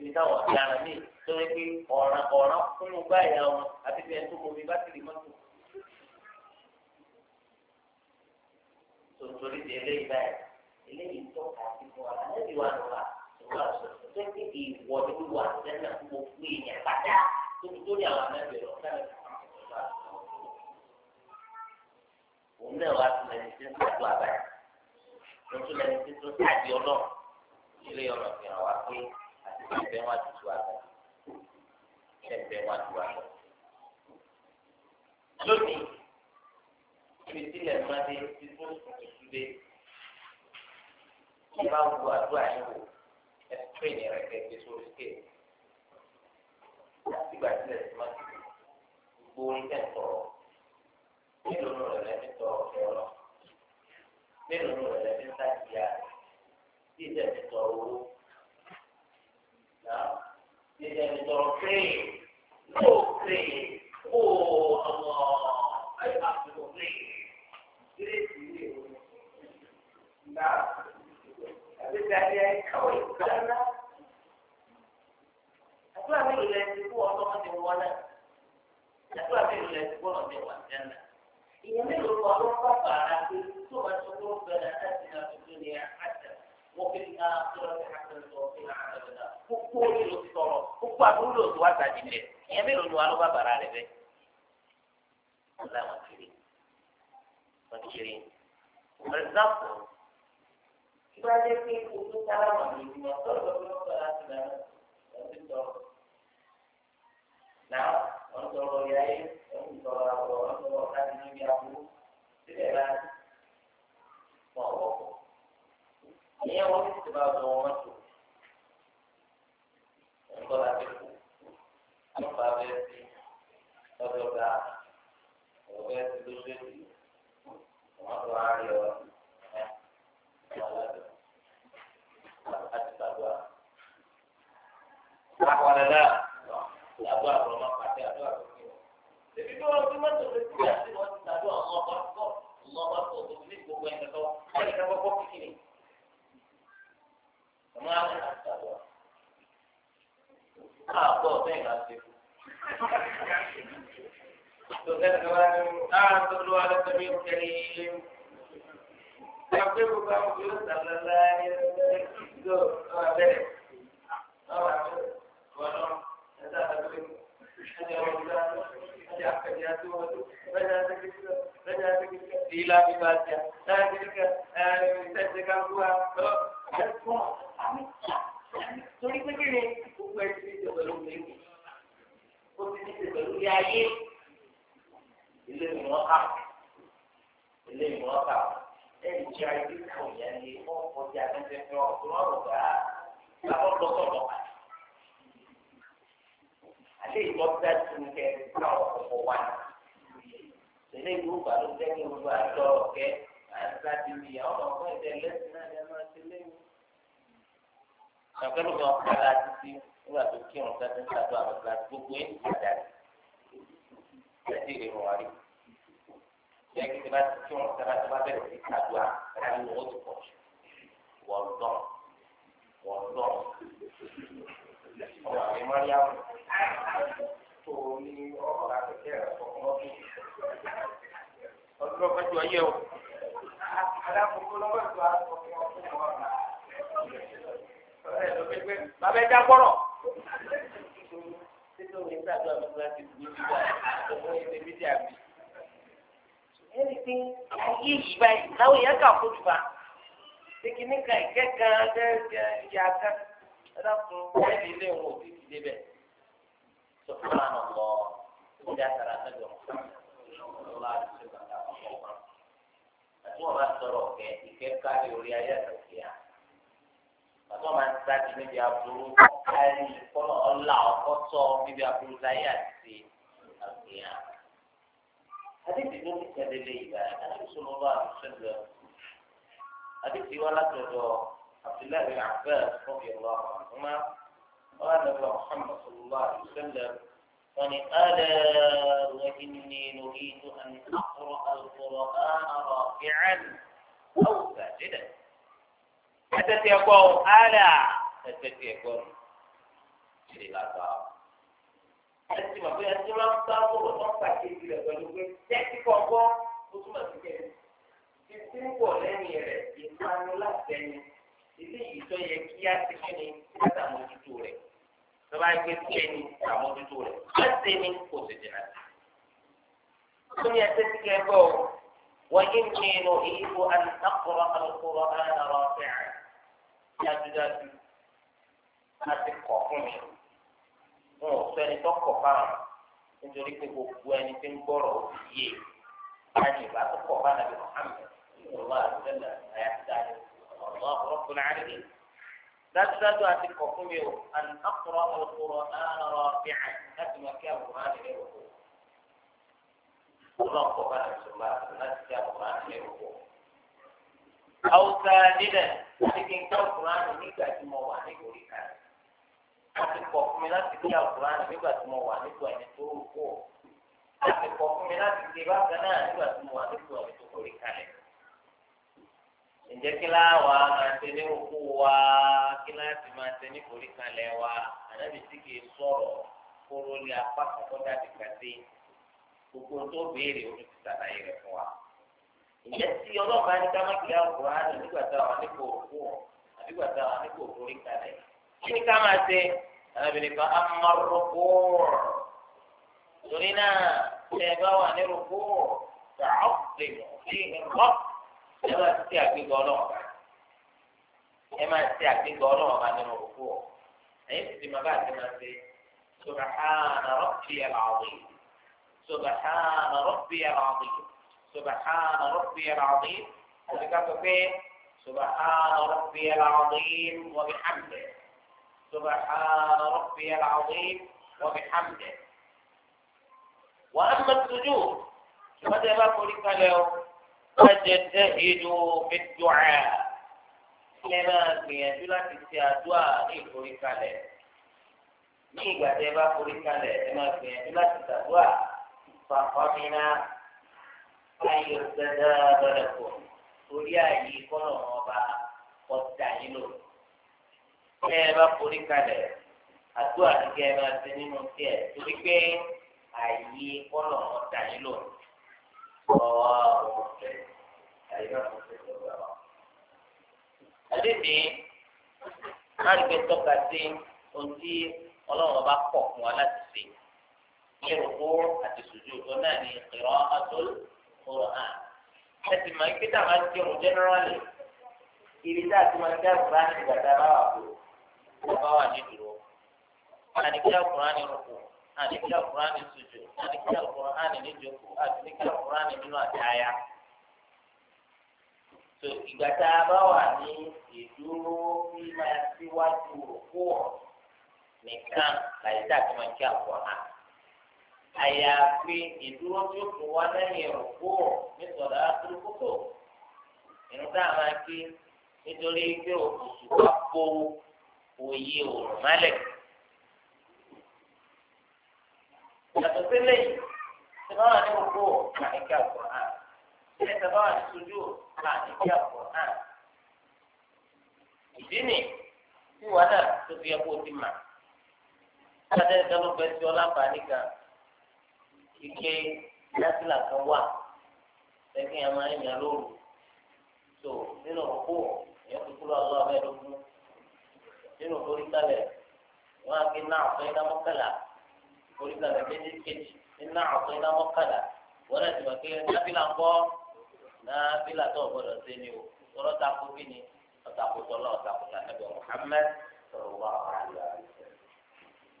ibi táwọn ọ̀daràn míì tó yẹ pé ọ̀ràn ọ̀ràn fún un báyà wọn àti bí ẹni tó mọ̀ mi bá ti rí mọ́tò. tòtòrí di eléyìí báyìí eléyìí tó kà sí fún wa lẹ́yìn wa ló wà ló wà tó ti di ìwọ ní wíwà lẹ́yìn àti mo fún èèyàn pátá tó ti tó ní àwọn amẹ́bẹ̀ lọ sáré òun náà wá sí lẹ́yìn tí ń sàdó àbáyé tó sáàdì ọlọ́run ilé ọlọ́run fi ẹgbẹ́ wọn ti tu àgbà ẹgbẹ́ wọn ti wà lọ. lónìí ibi tí ilẹ̀ máa dé ti tó tuntun dé kí máa ń lo àdúrà yìí wò ẹ̀sìn ní rẹ̀ kẹ́kẹ́ sórí kéè láti gbà sílẹ̀ sí máa gbogbo orí tẹ̀ sọ̀rọ̀ nínú rẹ̀ lẹ́ni sọ̀rọ̀ ọ̀rọ̀ nínú rẹ̀ lẹ́ni sáà ti yá sí ìtẹ̀sí sọ̀rọ̀ owó. إذا تركي تركي أوه الله أي أحد تركي نعم أبدا هي كوي كلامنا أقول أمي إلى أسبوع طبعا دوانا أقول أمي إلى أسبوع دوانا إن من الله رفع على ثم شكر بلا أسنا في الدنيا حتى وفي الآخرة حتى وفي العالم gbogbo orí ló sọ̀rọ̀ gbogbo àbúrò ló tó wá sàdí bẹ̀ ìyẹn mélòó ni wà ló bá bàrà rẹ̀ bẹ́. ọ̀la wọn kiri wọn kiri mẹsàkó ìgbà jẹ́ pé gbogbo sára wọn ni wọn sọ̀rọ̀ lọ́wọ́ lọ́wọ́ láti bá wọn ti sọ̀rọ̀. náà wọn sọ̀rọ̀ ìyá yẹn wọn sọ̀rọ̀ àbọ̀ wọn sọ̀rọ̀ láti níbi àbúrò sílẹ̀ láti wọn wọ̀ ìyẹn wọn ti ti bá wọn mọ́tò. ẹ̀kọ́ la fi kú lọ́pàá abẹ́ sí lọ́dọ̀ ga ọ̀rọ̀ bẹ́ẹ̀ sí lóṣèlú wọ́n tó á rí ọ ẹ̀ ẹ̀ lọ́dọ̀ láti gbàdúrà. Àpàlẹ́lá làdúrà lọ máa pàdé àdúrà lókè. Èmi tó lọ sí mọ́tò lè ti àti wọ́n ti tàdúrà ọmọ ọba tó ọmọ ọba tó tó ní gbogbo ẹ̀kẹ́kọ̀ọ́ ẹ̀kẹ́kọ̀ọ́ kíkiri. Ọmọ àwọn àti tàdúrà àbọ̀ bẹ́ẹ̀ ká ṣe fún. أعطوا على السميع الكريم يعقبكم يوسف الله Ila dibaca, saya juga eh saya juga buat. Jadi begini, gbogbo ẹni tí ìjọba ló lé wù ó ti ní ìjọba ló lé ayé ilé ìwọ̀n kà ilé ìwọ̀n kà ẹni tí a yí kọ̀ yẹn ni wọ́n kọjá lẹ́sẹ̀ fún ọ̀tún ọ̀rọ̀ gbà á lábọ́ lọ́sọ̀rọ̀ wà. àlẹ́ ìtọ́jà tó ń kẹ́ káwọn ọ̀pọ̀ wà ní. ilé ìlú ìgbà ló jẹ́ kí gbogbo àjọ ọ̀kẹ́ àti ìyàwó ọ̀gbọ́n ìtẹ̀lẹ́sìn náà ni a máa ti léwu. àgbẹ̀lùmọ̀ ọ̀pọ̀ nígbà tó kírun tẹ́tí sàdó àwọn kíláàsì gbogbo ẹ̀ nígbàdà rẹ̀ ẹ̀dí rẹ̀ wọ̀ rí ṣé kí tẹ́lá ti kírun tẹ́lá tó bá bẹ̀rẹ̀ sí sàdó à ẹ̀dá ni wọ́n ti pọ̀ wọ́n dọ̀ wọ́n dọ̀ ọ̀rọ̀ àmì mọ́ríyàwó tó ní ọ̀rọ̀ àkẹ́kẹ́ rẹ̀ fọkànlọ́dún ọdún ọgbẹ́jọ ayé o alákòókò lọ́wọ́ ìgbà àkọ́kọ́ ọ̀rọ̀ rẹ̀ lọ́gbẹ́gbẹ́ bàbá ẹja gbọ́rọ̀ títún ní sábà ní láti fi bíbí àtọwọ́ ìṣe bíbí àbí. ẹni tí ayé yìí báyìí láwọn èèyàn kà fojú bá tìkíní kan ìkẹ́kọ̀ọ́ ẹgbẹ́ ìyá kan ẹ̀dá fún ẹ̀mí ilé wọn ò ti dìde bẹ́ẹ̀. sọfúnra nà lọ ìdí àtàrà àtàjọ ọlá àti bàtà ọkọ àti wọn bá sọ̀rọ̀ ọkẹ ìkẹ́kọ̀ọ́ àti orí ayé àtàkìyà bàtà wọn máa ń sáà ayé kọ́nà ọ̀la ọ̀kọ́ sọ níbi àbúrò láyé àti àgbéyà. Adébí ló ti tẹ̀lé lé ìgbà láti sọ̀rọ̀ bá àtúnṣe Adébí wá látọ̀dọ̀ Abdullahi bin Abbas fọ́bi ọ̀la ọ̀húnmá wọ́n àdàbọ̀ Muhammad sallallahu alayhi wa sallam wọ́n ní ala wa inni nuridu an aqra al-Qur'ana rafi'an aw sajidan. Ẹ̀tẹ̀tẹ̀ ẹ̀gbọ́n ala ẹ̀tẹ̀tẹ̀ ẹ̀gbọ́n. lè lágbára. ẹ ti mọ̀ pé ẹ ti máa ń bá bọ̀rọ̀ tó ń pàkíyèsí rẹ̀ pẹ̀lú pé jẹ́kí kọ̀ọ̀kọ́ ó túmọ̀ sí kẹ́ ti ti ń pọ̀ lẹ́yìn rẹ̀ ìpanu láti ẹni ilé yìí tó yẹ kí á ti fún ni látàmójútó rẹ̀ tó bá gbé sí ẹni àmójútó rẹ̀ lọ́sẹ̀ ni kò sì dènà sí. ó ní ẹsẹ̀ ti kẹ́ bọ́ وإني نهيت أن أقرأ القرآن رافعا dájúdájú láti kọ̀ fún mi wọn ò sọ ẹni tó kọ̀ fáwọn nítorí pé gbogbo ẹni tí ń gbọ́rọ̀ ó ti yé láti ìgbà tó kọ̀ bá nàbí Muhammad ni àtẹlẹ àyàtúndàní ọ̀rọ̀ ọ̀rọ̀kùn àrègbè. dájúdájú àti kọ̀ fún mi o àti akọ̀rọ̀ ọ̀kọ̀rọ̀ àárọ̀ bí i láti máa kí àwòrán àdìrẹ́ òkú. ọlọ́kọ̀ bá nàbí sọ̀rọ̀ láti kí àwòrán àdìrẹ́ òkú. àwùjọ àdìrẹ́ àti kí n ká àwòrán nígbà tí mo wà ní orí kan. láti kọ̀ fún mi láti gbé àkùrán nígbà tí mo wà nípò ẹni tó rò pọ̀ láti kọ̀ fún mi láti gbé bákan náà nígbà tí mo wà nípò ẹni tó kórè kalẹ̀. ǹjẹ́ kí láwa máa ṣe ní òkú wa kí láti máa ṣe ní kórè kalẹ̀ wa ànábì tí kì í sọ̀rọ̀ kóró lé apá kọ̀kọ́ dáàbì kàdé gbogbo tó béèrè ó ti ṣàlàyé rẹ̀ fún wa. ǹjẹ́ tí ọlọ́ọ̀bá ní ká má kí àkùrán nígbà tá a wà òkú kí ni ká máa ṣe arábìnrin kan amárúkú torí náà ṣe é bá wà ní rúkú ṣe ṣàkóso sí nǹkan ẹ máa ṣe àgbégbá ọlọ́ọ̀bá ẹ máa ṣe àgbégbá ọlọ́ọ̀bá ní rúkú ọ ẹ̀yìn ti di máa bá ṣe máa ṣe subahana rọ́bì ẹ̀rọ̀ọ̀dì subahana rọ́bì ẹ̀rọ̀ọ̀dì subahana rọ́bì ẹ̀rọ̀ọ̀dì àti ká sọ pé subahana rọ́bì ẹ̀rọ̀ọ̀dì wọ́n fi hàn bẹ́ẹ̀. سبحان ربي العظيم وبحمده وأما السجود فماذا بقولك له فاجتهدوا في الدعاء لما في لا تستعدوا يقولك له ní ìgbà tẹ bá forí kalẹ̀ ẹ máa gbìyànjú láti ṣàdúrà fàkọ́nínà ayò dáadáa bẹ̀rẹ̀ kù torí ààyè kọ́nà ọba ọ̀tá yìí lò kẹ́ ẹ bá forí kalẹ̀ àdúrà ní kẹ́ ẹ máa ṣe nínú tiẹ̀ torí pé ààyè kọ́nà wọn dà yín lò lọ́wọ́ àwọn ọ̀fẹ́ àyè náà kò fẹ́ lọ́wọ́ àwọn. àdébìí máa ń gbé tọ́ka sí ohun tí ọlọ́run ọba pọ̀ fún wa láti ṣe ní òkú àti sùjú tó náà ní ìrọ̀ àtúl kúrò hàn. ẹ sì máa ń gbé tàbá ń kírun jẹ́nẹ́rọ́lì ibi tá máa ń dá ìgbà nígbà tá a bá wà kú ọba wà ní dúró àdìkí àkùránì rúkú àdìkí àkùránì sùjò àdìkí àkùránì níjòkó àdìkí àkùránì nínú àdáyà tó ìgbà tá a bá wà ní ìdúró bí máa síwájú rúkú nìkan láyé tá a ti máa kí àkùránì àyàfi ìdúró tí ó kù wá lẹ́yìn rúkú nítorí àdúrókòtò ìrúdá máa kí nítorí pé òkùnkùn bá gbowó òye òrùn mọ́lẹ̀. yàtọ̀ sílẹ̀ yìí tẹ̀bá wà ní gbogbo àníkẹ́ àkùrọ̀ náà sílẹ̀ tẹ̀bá wà ní sojú àníkẹ́ àkùrọ̀ náà. ìdí ni tí wàá náà tó fi ẹkọ ti mà káàdé ìdánwòbẹ tí ọlá bá níka ike lásìlà kan wà lẹ́kìn àmọ́ ẹ̀yìn lóru tó nínú òkú ìyẹn kúkúrú ọlọ́ọ̀bẹ lógún. nínú oríkàlẹ̀ wọn á fi náà ọ̀tọ̀ iná mọ́kàlá mọ́kànlá oríkàlẹ̀ méjì kejì iná ọ̀tọ̀ iná mọ́kàlá wọn náà ti mọ̀ pé nábìlà ń bọ́ nábìlà tó gbọdọ̀ sí ni o tọ́lọ́ ta kó bí ni ọ̀tà kó tọ́lọ́ ọ̀tà kó tàbí Muhammad sọ̀rọ̀ wà áyà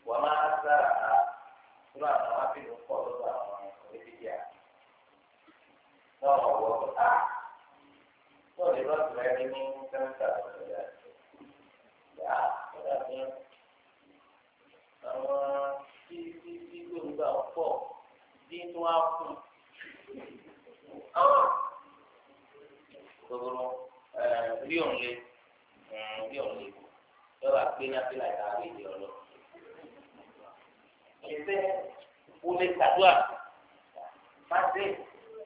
wọ́n máa ń sára ká nínú àwọn abínú pọ̀ lọ́dọ̀ àwọn oníbíbí à lọ́wọ́ wọ́pọ̀ tá lọ́ọ̀lẹ́ lọ́sùn ẹni ní sẹ́ńtà ọ̀sẹ̀ à ọ̀gá mi àwọn tí tí tí gbòǹgbà pọ̀ bí tó wá fún un. gbogbo rí òun lé rí òun lé yọba gbé náà fi láì dáa léde ọlọ. ìṣe olè kàdúà máa dé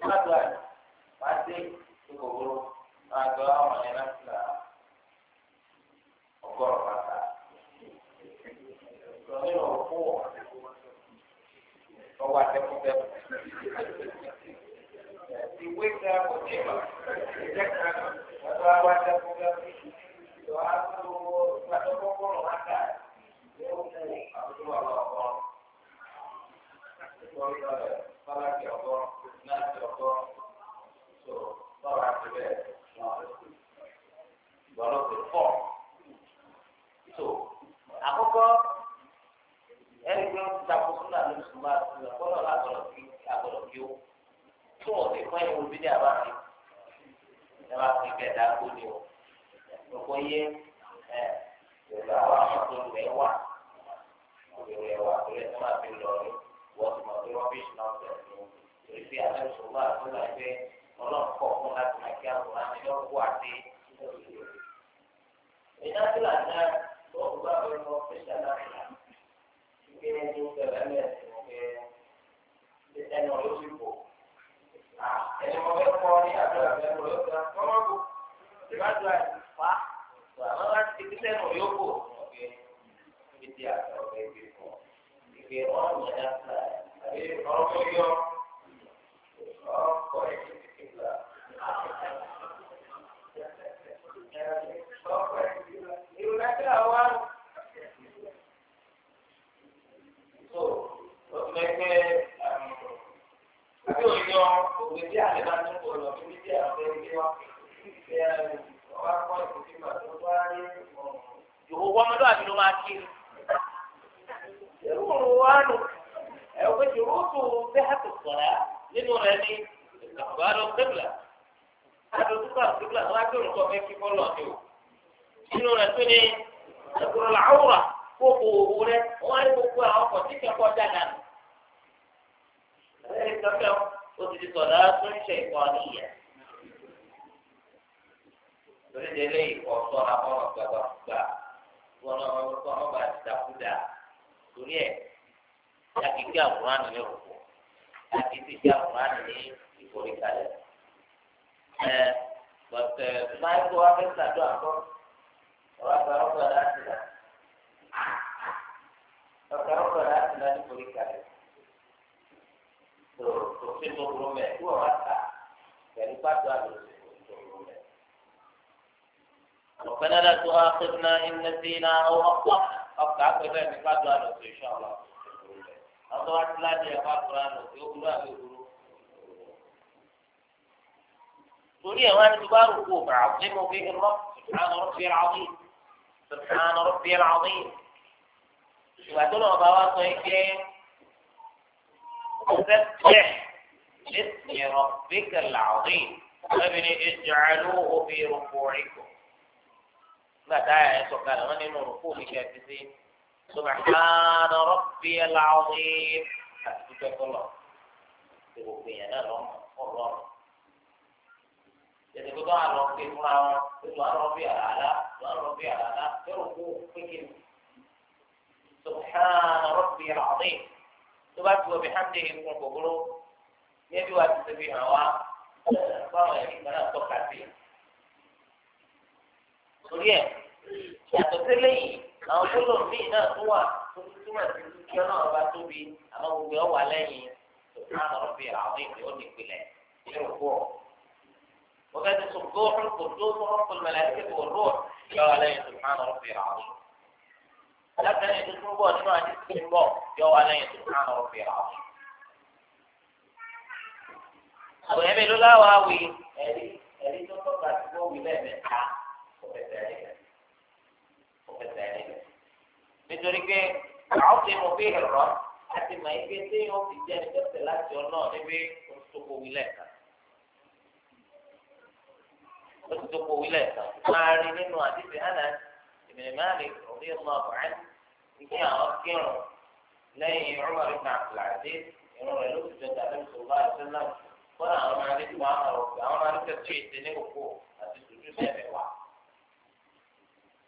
kàdúà máa dé gbogbo máa gbọ́ àwọn ẹ̀ náà ọgọ́rọ̀ bàtà Non òkú ọwọ́ àtẹkùtẹkù ìwé ta kò tí ma ìjẹka ọ̀dọ̀ àwọn àtẹkùtẹkù ìjọ àtúwò àtẹkùtẹkù bàtà ní òkú àtúwò àwọn ọgọ́rọ̀ ìjọba fọlákì ọgọ́rọ̀ náà ti ọgọ́rọ̀ tó lọ́wọ́ àti bẹ́ẹ̀ lọ́wọ́ lọ́wọ́ ti fọ́ọ̀. àkọ́kọ́ ẹni pé wọ́n ti ta kókó náà lórí ṣùgbọ́n àti ọ̀pọ̀lọ́ àgọ̀lọ̀ kí àgọ̀lọ̀ kí ó tí wọ́n ti pọ́n ìwé bídẹ́ àbáfi ẹ bá fi bẹ́ẹ̀ dá gbóni o lọ́kọ́ yé ẹ yorùbá wa tó rẹ̀ wà rẹ̀ wà rẹ̀ tó máa fi lọ rí wọ́n ti mọ̀ pé rọ́bìṣì náà bẹ̀rẹ̀ ní torí pé àlẹ́ ṣùgbọ́n àti ọ̀la ẹgbẹ́ ọlọ́ọ̀kọ̀ fún láti máa kí àgọ̀lọ̀ àti ọ̀kọ̀ àti ìdájọ́ wọ́n gba ọ̀rọ̀ ọ̀fíṣà láti là ìgbé ẹni ìjọba ẹni ẹ̀sìn ìgbé ẹni ọ̀rọ̀ ti pọ̀ ẹni mo fẹ́ kọ́ ní àdúrà fẹ́ mo yóò gbà wọ́n má kó ìbádùn àti fa àwọn bá ti ti sẹ́nu yóò kó ọ̀gbẹ́ ibi tí a sọ ọ̀gbẹ́ ibi kọ́ ìgbé àwa. tó o tún ẹgbẹ́ àti òyìnbó òwe tí àlè máa ń bọ̀ lọ bí bí àlè ń gbé wá ṣe ọwọ́ akọ́ ìkòkí màá tó bá rí ọ̀rùn. yòówó wọ́mọdé àti ló máa kiri. ẹ̀rù òun wá nù ẹ̀rù pé yòówó tó bẹ́ẹ̀ tó sọ̀rọ̀ nínú rẹ̀ ní ìgbàgbọ́ àdó kébìlà àdó tó kà kébìlà wá tó nǹkan fẹ́ kí bọ́ọ̀lù ọ̀dọ́. inú rẹ̀ tó ní ẹ̀kúrọ̀ làwùrà kó kó òwú rẹ wọ́n á rí gbogbo àwọn ọkọ̀ tí kẹ́kọ̀ọ́ dàgbà nù. ẹ̀rẹ́ ìtọ́fẹ́ o ti di sọ̀dá tó ń ṣe ìkọ́ níyà. lórí délé ìkọ̀ sọ́ra mọ́ràn gbàgbà wọn náà wọn kọ́ ọba àtìdàkúdà torí ẹ̀ yàtìkí àwòrán ní òkú yàtìkí àwòrán ní ìforíkalẹ̀. ẹ̀ bọ̀tẹ̀ máa ń tó wá fẹ́ sàdó àkọ́. رب ربنا أتنا رب ربنا أتنا nítorí kàlẹ́ tó tó fi tó burú mẹ́ kú ọ̀rọ̀ àtà pẹ̀lú pàtó àlòsí tó burú mẹ́. ربنا لا تؤاخذنا إن نسينا أو أخطأنا أخطأ فبين قد أنت إن شاء الله أطلع ثلاثة يا قرآن يقول لا يقول سوريا وأنا تبارك وعظموا به الرب سبحان ربي العظيم سبحان ربي العظيم وأتون أضواء صيكين سبح باسم ربك العظيم ابن اجعلوه في ركوعكم ما داعي سبحان من إنه ركوع كافزين سبحان ربي العظيم حسبك الله ربي أنا الله يتكلم عن ربي فلا ربي على ربي بها لا تركوا فكر سبحان ربي العظيم تبات وبحمده يكون بقولوا يجوا تسبيح هواء صار يعني كلام تقع فيه سوريا yàtọ̀ sílẹ̀ yìí àwọn gbólóhùn míì náà tún wà tó túmọ̀ sí kí ọlọ́run bá tóbi àwọn gbogbo ọ̀wà lẹ́yìn سبحان ربي العظيم يقول لك بالله الركوع وقد سبوح القدوس رب الملائكة والروح yọ alẹ́yìn subhana rabbi alazim alákàlẹ́ yìí tuntun bọ̀ nínú àti tuntun bọ̀ yọ alẹ́yìn subhana rabbi alazim. àwọn ẹ̀mí ló láwọ̀ awì ẹ̀rí ẹ̀rí tó tọ́ka tí wọ́n wí lẹ́ẹ̀mẹ́ta ọ̀pẹ̀tẹ̀ ẹ̀rẹ́gẹ̀ ọ̀pẹ̀tẹ̀ ẹ̀rẹ́gẹ̀ nítorí pé àwọn ti mú bí ẹ̀rọ àti màá ike tí yóò fi jẹ́ ẹ̀jẹ̀ láti ọ náà níbi oṣù tó kọ wí lẹ́ẹ̀kan. اصدق ولايته ماري من وعديد أنا ابن مالك رضي الله عنه إن كان أذكر لي عمر بن عبد العزيز إن رأيه جدا صلى الله عليه وسلم فأنا أرمى عليك ما أعرف أنا أرمى عليك الشيء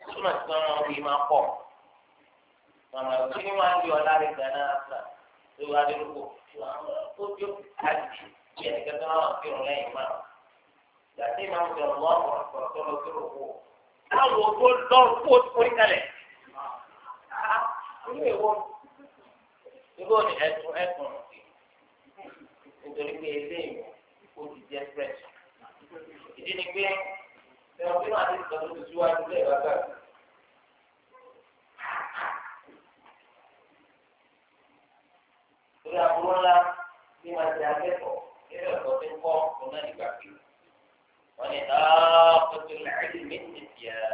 ثم استمعوا بما قم فما يكون ما عندي ولا لك أنا أصلا سوى هذه الأمور قلت يوم حاجة يعني كنت أرى أكثر من أي مرة yàtí máa ń bẹ ọmọ ọ̀pọ̀lọpọ̀ tó lọ sí òkú. Báwo lọ kó orí kalẹ̀? Irú èwo irú ni ẹ̀sùn ẹ̀sùn sí. Nítorí pé eléyìí kò ti jẹ́ fresh. Ìdí ni pé ẹ̀rọ tí wọ́n ti sọ lójú síwájú lẹ́yìn bàbá rẹ̀. àbúrò ńlá ní wọ́n ti akẹ́kọ̀ọ́ nínú ẹ̀kọ́ tó ń kọ́ ọ̀nà ìgbà kejì. ونطاقة العلم النسيان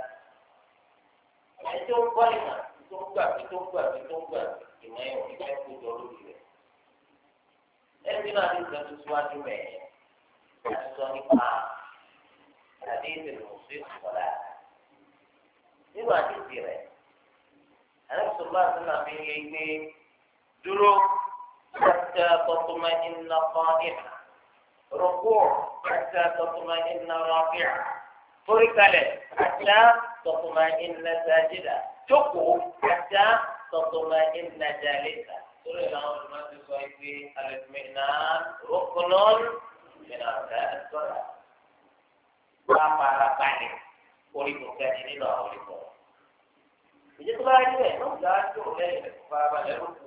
ẹni tó ń gbọ́ ìmọ̀ tó ń gbà tó ń gbà tó ń gbà ìmọ̀ ẹ̀ òní fẹ́ kó jọ lórí rẹ̀ ẹni náà ti sọ tó síwájú rẹ̀ láti sọ nípa àdé ìbẹ̀rù òṣèlú ìsọ̀lá nínú àdéhùn rẹ̀ àlẹ́sọ̀ bá tó náà fi ń yẹ gbé dúró láti tẹ ọkọ̀ tó máa ń ná kọ́ nípa. ركوع حتى تطمئن راكعا فركلة حتى تطمئن ساجدا جقوا حتى تطمئن جالسا سورة الأنعام في الاطمئنان ركن من أركان الصلاة apa rapani oríkùnkà ni nínú àwọn oríkùn ìdí tó bá rí bẹ́ẹ̀ náà gbà á tó lẹ́yìn farabalẹ̀ rúkú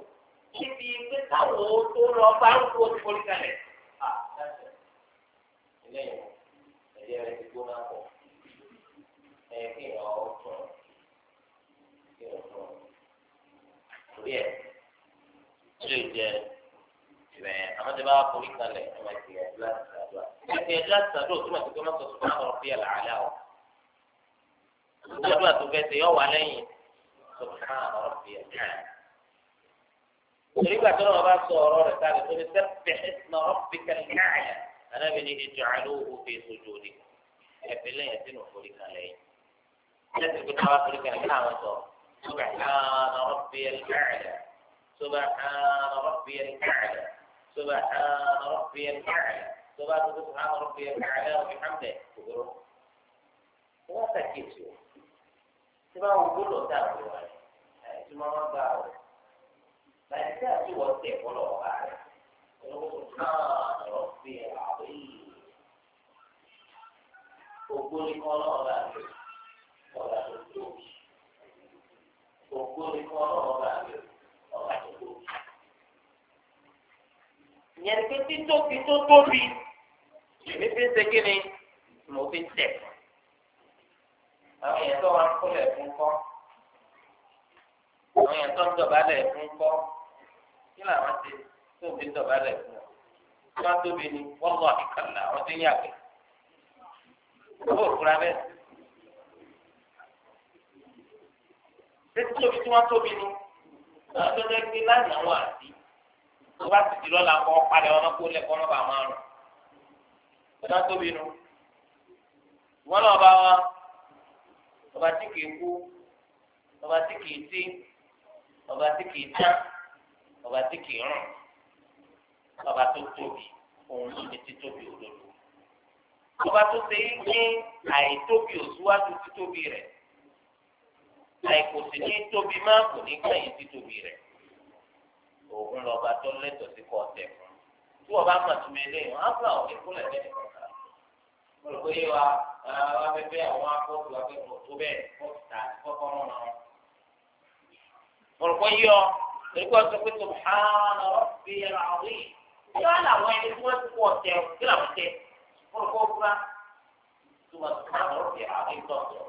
níbi pé káwọn tó lọ bá rúkú ó ti forí kalẹ̀ lẹ́yìn ẹ̀jẹ̀ rẹ̀ ti gbóná pọ̀ ẹ̀yìn kí ìyàn ọ̀ tún kí ìyàn tún torí ẹ̀ ó lè jẹ ìrẹ̀ àwọn tí wọ́n bá forí kalẹ̀ ẹ̀ máa ti ẹ̀jú láti sàdúrà ẹ̀jẹ̀ ẹ̀jú láti sàdúrà tó máa ti gbé mọ́tò tó máa rọ̀ bí ẹ̀là àlẹ́ ọ̀ sàdúrà tó fẹ́ ṣe yọ̀ wá lẹ́yìn tó máa rọ̀ bí ẹ̀là torí anábì ní ij'aluhu fi sujudikum ẹ̀fẹ́ lẹ́yìn sínú forí kan lẹ́yìn. lẹ́sìn pé káwá forí kan ní àwọn sọ subhana rabbiyal a'la subhana rabbiyal a'la subhana rabbiyal a'la subhana subhana rabbiyal a'la bihamdi kúrò. wọ́n sàkíyèsí o tí wọ́n wọ́n gbọ́dọ̀ tá a wọ̀ ẹ̀ ẹ̀ tí wọ́n wọ́n gbà wọ̀ ẹ̀ láì sí àti wọ́n tẹ̀ fọlọ́ ọ̀gá rẹ̀. سبحان ربي العظيم ògo ni kọ́ lọ́wọ́ bá mi ọ̀gá tó tó ògo ni kọ́ lọ́wọ́ bá mi ọ̀gá tó tó. ìyẹn pé títóbi tó tóbi èmi fi ń ṣe kí ni mo fi ń tẹ̀. àwọn èèyàn tó wà ń fún kọ́ àwọn èèyàn tó ń dọ̀bálẹ̀ fún kọ́ kí làwọn ti tó fi dọ̀bálẹ̀ fún ọ wọn tóbi ni wọn lọ àkàlà wọn ti ń yàgbẹ́ owó òkúra bẹ́ẹ̀ títí tóbi tí wọn tóbi ni wọn tó lè gbé lánàá wọn àti tó bá ti di lọ́la kọ́ padà wọn kó lẹ́kọ́ wọn bá máa rùn wọn tóbi nu wọn lọ bá wa ọba tí kìí kú ọba tí kìí tí ọba tí kìí tán ọba tí kìí rùn ọba tó tóbi òun ló ní títóbi òdodo ọba tó ṣe é gbé àìtóbi òṣùwájú títóbi rẹ̀ àìkò sì ní tóbi má kò ní gbẹ̀yìn títóbi rẹ̀ òun lọ́ba tó lẹ́tọ̀ọ́ sí kọ́ ọ̀tẹ̀ fún tí wọ́n bá mọ̀ tó mi wọn á fún àwọn oníkúlẹ̀ lẹ́yìn kọ̀ọ̀kan olùkọ́ yé wa wá àwọn akọ́tù akẹ́kọ̀ọ́ tó bẹ́ẹ̀ kọ́ọ̀tù tá a náà olùkọ́ yé ọ olùkọ́ sọ pé subhana rabbiyal azim kí wọ́n làwọn ẹni tí wọ́n ti pọ̀ tẹ ọ kí làwọn tẹ wọ́n kọ́ fúra tó bá tó máa lọ́ọ́ fi àwọn ìtọ́ tẹ ọ.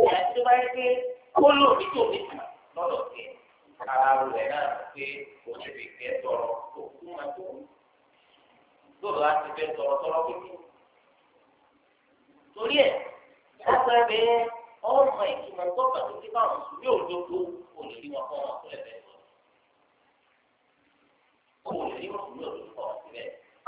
ìyá tí ó bá yẹ pé kó lóòbí tó ní tà lọ́dọ̀ tẹ ara rẹ̀ náà pé kò ní fi kẹ́ tọrọ tó kú máa tó lóòrò láti fẹ́ tọrọ tọrọ kékeré. torí ẹ̀ lágbára bẹ́ẹ̀ ọmọ ìtumọ̀ gbọ́dọ̀ tó ti bá wọn sùn ní òdodo òní wọn kọ́ wọn sílẹ̀ bẹ́ẹ̀ lọ. òní wọn sùn ní òdodo kọ́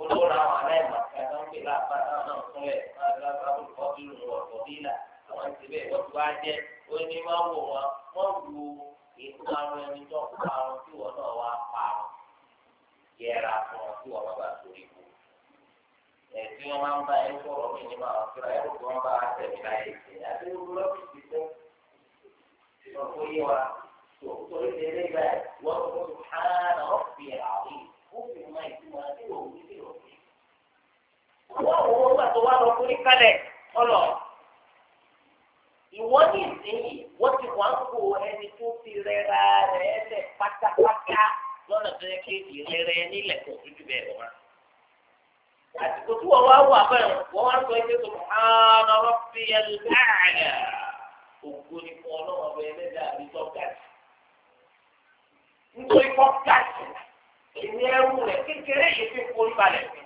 olóòrò àwọn aláìmọ̀ kẹta ń pè láàbàtà náà fúnlẹ̀ alábàbò kọ́bílù ọ̀pọ̀ bílà àwọn ti bẹ́ẹ̀ wọ́n ti wá jẹ́ ó ní wò wọn wọ́n lu ètò àwọn ẹni tó ń parun tí wọ́n náà wá parun yẹra fún wọn tí wọ́n bá sórí kú. ẹ̀sìn wọn máa ń bá ẹni sọ̀rọ̀ mí ní máa fúra ẹ̀rù tí wọ́n bá tẹ̀lé láyé ìsìn àti olùlọ́ọ̀kì ti tó wọ́n owó gbà tó wá lọ forí kalẹ̀ ọlọ́ ìwọ ní ìsinyìí wọ́n ti wá ń kó ẹni tó fi rẹra rẹ̀ lẹ̀ pátápátá lọ́nà tó yẹ kí èdè rẹ̀rẹ̀ nílẹ̀ kò dúdú bẹ́ẹ̀ lọ́wọ́. àsìkò tí wọ́n wá wà bẹ́ẹ̀ wọ́n wá sọ ẹgbẹ́ tó mọ̀ ọ́nà rọ́bì ẹlẹ́dàá ògo ni fún ọlọ́wọ́ bẹ́ẹ̀ lẹ́dàá àbí tọ́gà jù. nítorí kọ́ gàjù ìní ẹrù rẹ̀ kékeré yìí fi forí balẹ̀ fún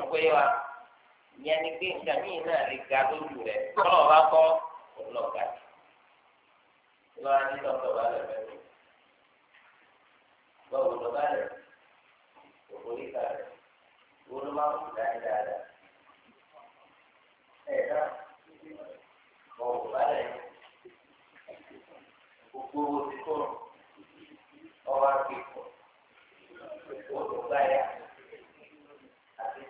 ọ̀pọ̀ yẹn wa ìyẹn ni pé nǹkan míì náà lè ga lójú rẹ̀ kọ́lọ̀ bá kọ́ ọlọ́ọ̀gá jù ìwà ní lọ́kọ̀ bá lẹ̀ bẹ́ẹ̀ bọ́ọ̀ wò lọ́ bá lẹ̀ òkòlì kà rẹ̀ wò ló máa ń kú dáadáa ẹ̀ dá bọ́ọ̀ wò bá lẹ̀ gbogbo owó ti tó ọwọ́ àgbẹ̀kọ̀ wò ló bá yà.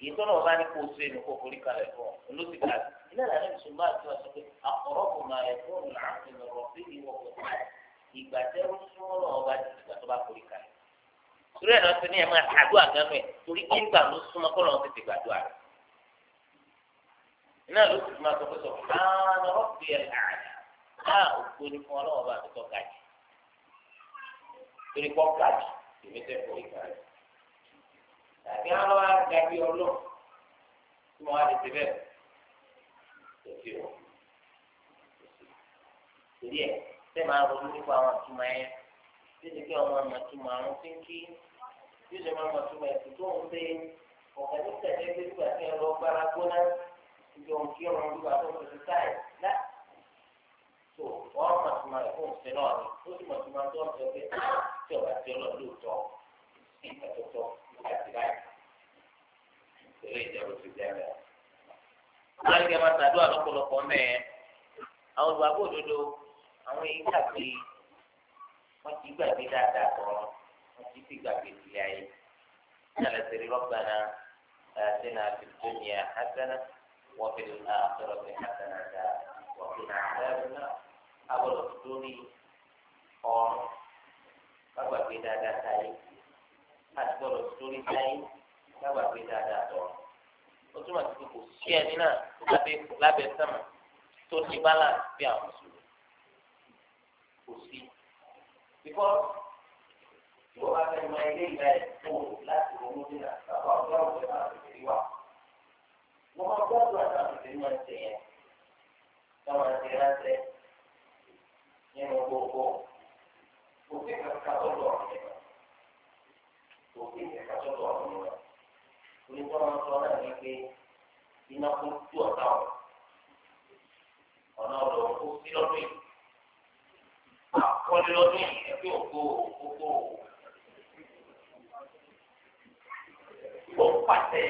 èyí tó náà bá ní kó o ṣe ní kó o forí kalẹ̀ fún ọ olóṣì ká ilé ìlànà ìṣúná àti ọ̀sán pé àkọ́rọ́kù máa yẹ fún ọ̀nà àti ọ̀rọ̀ sí ìwọ̀ pẹ̀lú ìgbà tẹ́rù súnmọ́ náà ọba ti ìgbà tó bá forí kalẹ̀. torí ẹ̀ náà ti ní ẹ̀ máa àdúrà gánú ẹ̀ torí kí nígbà ló súnmọ́ kọ́ lọ́wọ́ tètè gbàdúrà rẹ̀. iná ló sì máa sọ pé sọ fáánà rọ́ọ̀bì tàbí àwọn agabi ọlọ́ tí wọ́n á lè ti bẹ́ẹ̀ tó fi o. Torí ẹ̀ ṣé máa ronú nípa àwọn àtúmọ̀ ẹ̀ ṣé ti kí ọmọ ọmọ túmọ̀ àwọn tí ń kí bí ṣe máa mọ̀ túmọ̀ ẹ̀sìn tó ń ṣe ọ̀kan ní tẹ̀lé pé nígbà tí ẹ lọ gbára gbóná ìjọ ń kí ọmọ nígbà tó ń ṣe táì lá. Tó wọ́n mọ̀ túmọ̀ fún ìṣẹ́ náà ni ó sì mọ̀ túmọ̀ tó ń sọ pé ah! tí ọ̀bà tí ọlọ́ọ̀ lóòótọ́ sí tó tọ́ àti láì ìṣẹ̀lẹ̀ ìjẹun ti jẹrẹ wọn ní kí ẹ máa ṣàdúrà lọ́pọ̀lọpọ̀ mẹẹ àwọn olùwàgbọ òdodo àwọn èyí gbàgbé wọn ti gbàgbé dáadáa kọ wọn ti fi gbàgbé ìdílé ayé nígbàlẹ sẹrí rọgbàna àtẹnà àtìlónìà àtẹnà wọn fi àtọrọ fi àtẹnà dá wọn fi nà àtẹnà àbọlọ tó ní ọrùn wọn gbàgbé dáadáa sáyé àti gbọ́dọ̀ sórí sáyé lágbà pé dáadáa tọ̀ ó túmọ̀ sí pé kò sí ẹni náà lábẹ́ lábẹ́ sẹ́mà tó ní balance bí àwọn mùsùlùmí kò sí. bíkọ́ tí wọ́n bá fẹ́ mọ ilé ìgbà ẹ̀ tó láti ronú sí náà bàbá ọ̀gá òṣèlú àti ìrírí wà. wọ́n máa gbọ́dọ̀ àti ìrírí máa ń ṣe yẹn táwọn àti ránṣẹ́ nínú gbogbo òfin kankan tó lọ ọ̀rẹ́ òfin ìdájọ́ tó àwọn rẹ̀ onítọ́ máa ń sọ náà ní pé iná kún tú ọ̀tá ọ̀ ọ̀nà ọ̀dọ̀ kó sí lọ́dún yìí àkọ́lé lọ́dún yìí ẹgbẹ́ ògbó ògbó ó pàṣẹ.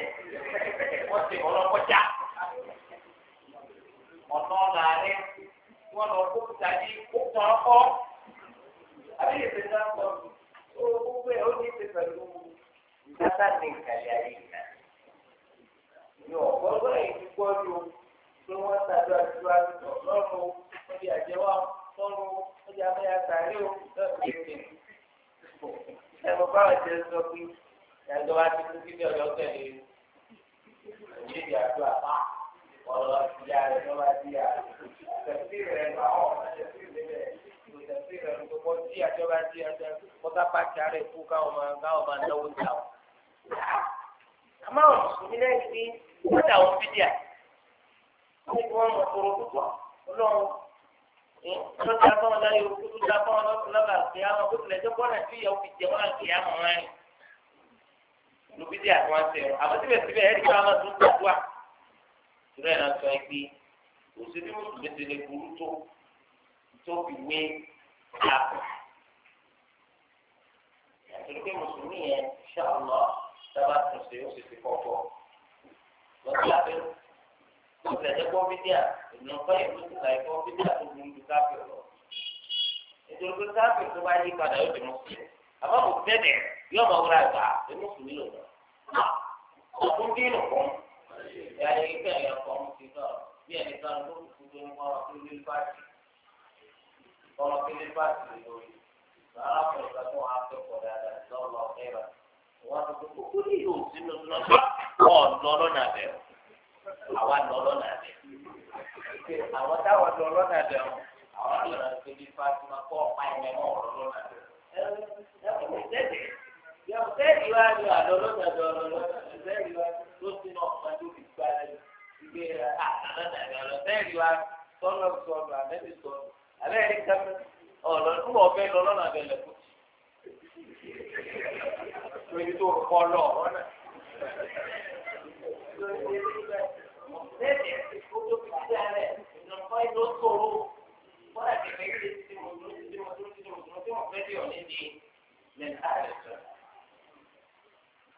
ní ààrẹ tó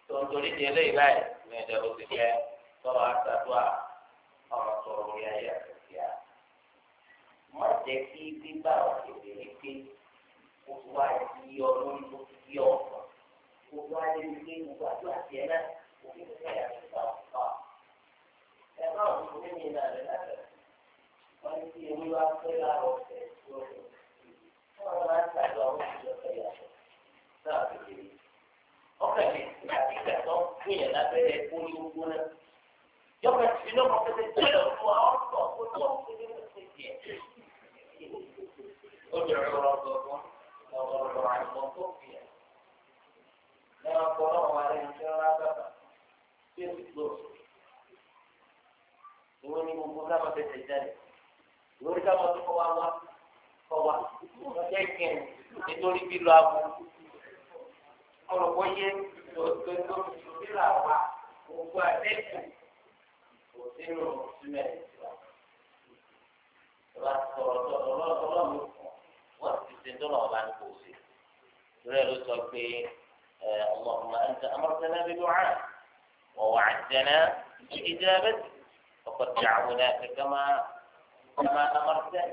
tó ń torí di eléyìí báyìí ní ẹ̀jẹ̀ ló ti jẹ́ sọ̀rọ̀ àtàdúrà ọ̀rọ̀ sọ̀rọ̀ orí ayé àtẹ̀sí à. wọ́n jẹ́ kí bíbá òkèèrè pé kó wá yí ọ lórí tó fi yí ọ kó wá lé ní pé gbogbo àdúrà tiẹ̀ náà kò fi fẹ́ yàtọ̀ sí àwọn ọ̀pá. ẹ̀rọ òkú ní ìlànà láti wọ́n ti ewu wá pé láàrọ̀ ọ̀sẹ̀ tó wọ́n máa ń tàgbà ọ̀hún náà ti kiri ọkàn mi láti ìgbà tó ń gbìyàn lábẹ́rẹ́ olóògbó náà yọkọ ti ní ọmọ pẹ̀lẹ́ tẹ́lẹ̀ fún àwọn ọkọ tó tó ń kiri ní ti tiẹ̀ ó bẹ̀rẹ̀ lọ́rọ̀ gbọgbọn lọ́rọ̀ lọ́rọ̀ àìmọ̀ tó fi ẹ lọ́rọ̀ gbọrọ wà lẹ́yìn tí wọn bàbà tí ó ti gbó ìwọ ni gbogbo sábà tẹsẹ̀ jáde ìwọ ni sábà tó kọ wá wá kọ wá lọ́jọ́ ìkẹyìn nítorí bí lọ abúlé. ọlọ́pọ̀ yẹ lọ́tọ́tọ́ ìṣòwìlà wa gbogbo àdéhùn kò sínú sílẹ̀ ìṣúra. Ìwà sọ̀rọ̀ sọ̀rọ̀ ọlọ́run wọ́n ti ṣe dọ́là ọba ní kò sí. Ìrẹ́ ló sọ pé اللهم أنت أمرتنا بدعاء ووعدتنا بإجابته وقد دعوناك كما كما أمرتنا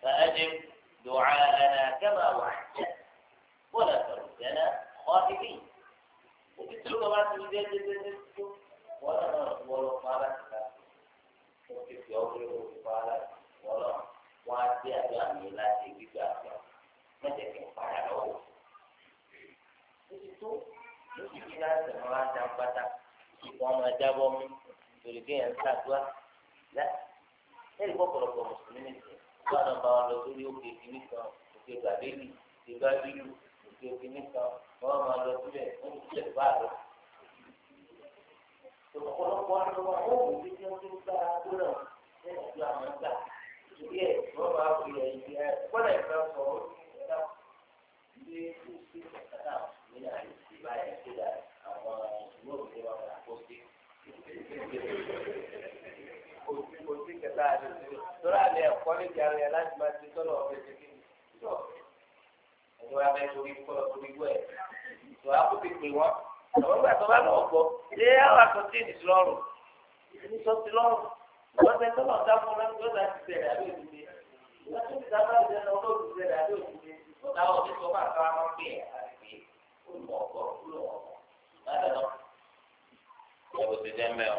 فأجب دعاءنا كما وعدتنا ولا تردنا خائبين وبالتلوة بعد الجديد جديد ولا نقول قالت وكيف يضرب قالت ولا وعدي أدواني لا تجد أفضل ما تكن فعله Itu lórí kíkà sẹ̀mọ́ wá dá pátá ìkọ́ ọmọ ẹja bọ́ mú lórí kéèyàn ṣàdúrà lẹ́ ẹ̀rí kọ́ pọ̀lọpọ̀ mùsùlùmí nìkan tó àná bá wọn lọ sórí òkè kìíní kan òkè ti òkè nìkan wọ́n máa lọ síbẹ̀ wọ́n ti tẹ̀ bá rẹ̀. ọ̀pọ̀lọpọ̀ àwọn ọ̀hún ti ti ń tún gbá tó náà lẹ́yìn tó àwọn gbà. ìdí ẹ̀ wọ́n máa fi ẹ̀yìn ẹ̀ kọ́lá ìgbà sọ ọ́ nígbà tí kò sí kàkàtà ní àyè ti báyìí tó dà àwọn ìwé òde wa kà kó sí. Kò sí kẹta àdéhùn. Tọ́lá ni ẹ̀kọ́ níbi ara ẹ̀ láti máa ti tọ́lọ̀ ọ̀fẹ́ ṣe kí ni tí wọ́n abẹ́ torí kọ́ torí wọ́ ẹ̀. Ìwà kò ti pè wọ́n. Àwọn ìgbà tó bá lọ gbọ́, ṣé àwọn àtọ́tí ìdí lọ́rùn? Ìdí sọ ti lọ́rùn. Wọ́n fẹ́ tọ́lọ̀ dá fún wọn lọ́dún láti bẹ̀rẹ̀ àbí òdìdí. Wọ́n tún ti dábàá ìjẹ́ lọ lóòdù bẹ̀rẹ̀ àbí òdìdí. Láwọn òbí sọ máa ká wọn pè é àti pé ó lọ ọkọ̀ ó lọ ọkọ̀. Láti lọ. Ìyàwó ti dẹ́ mẹ́ o.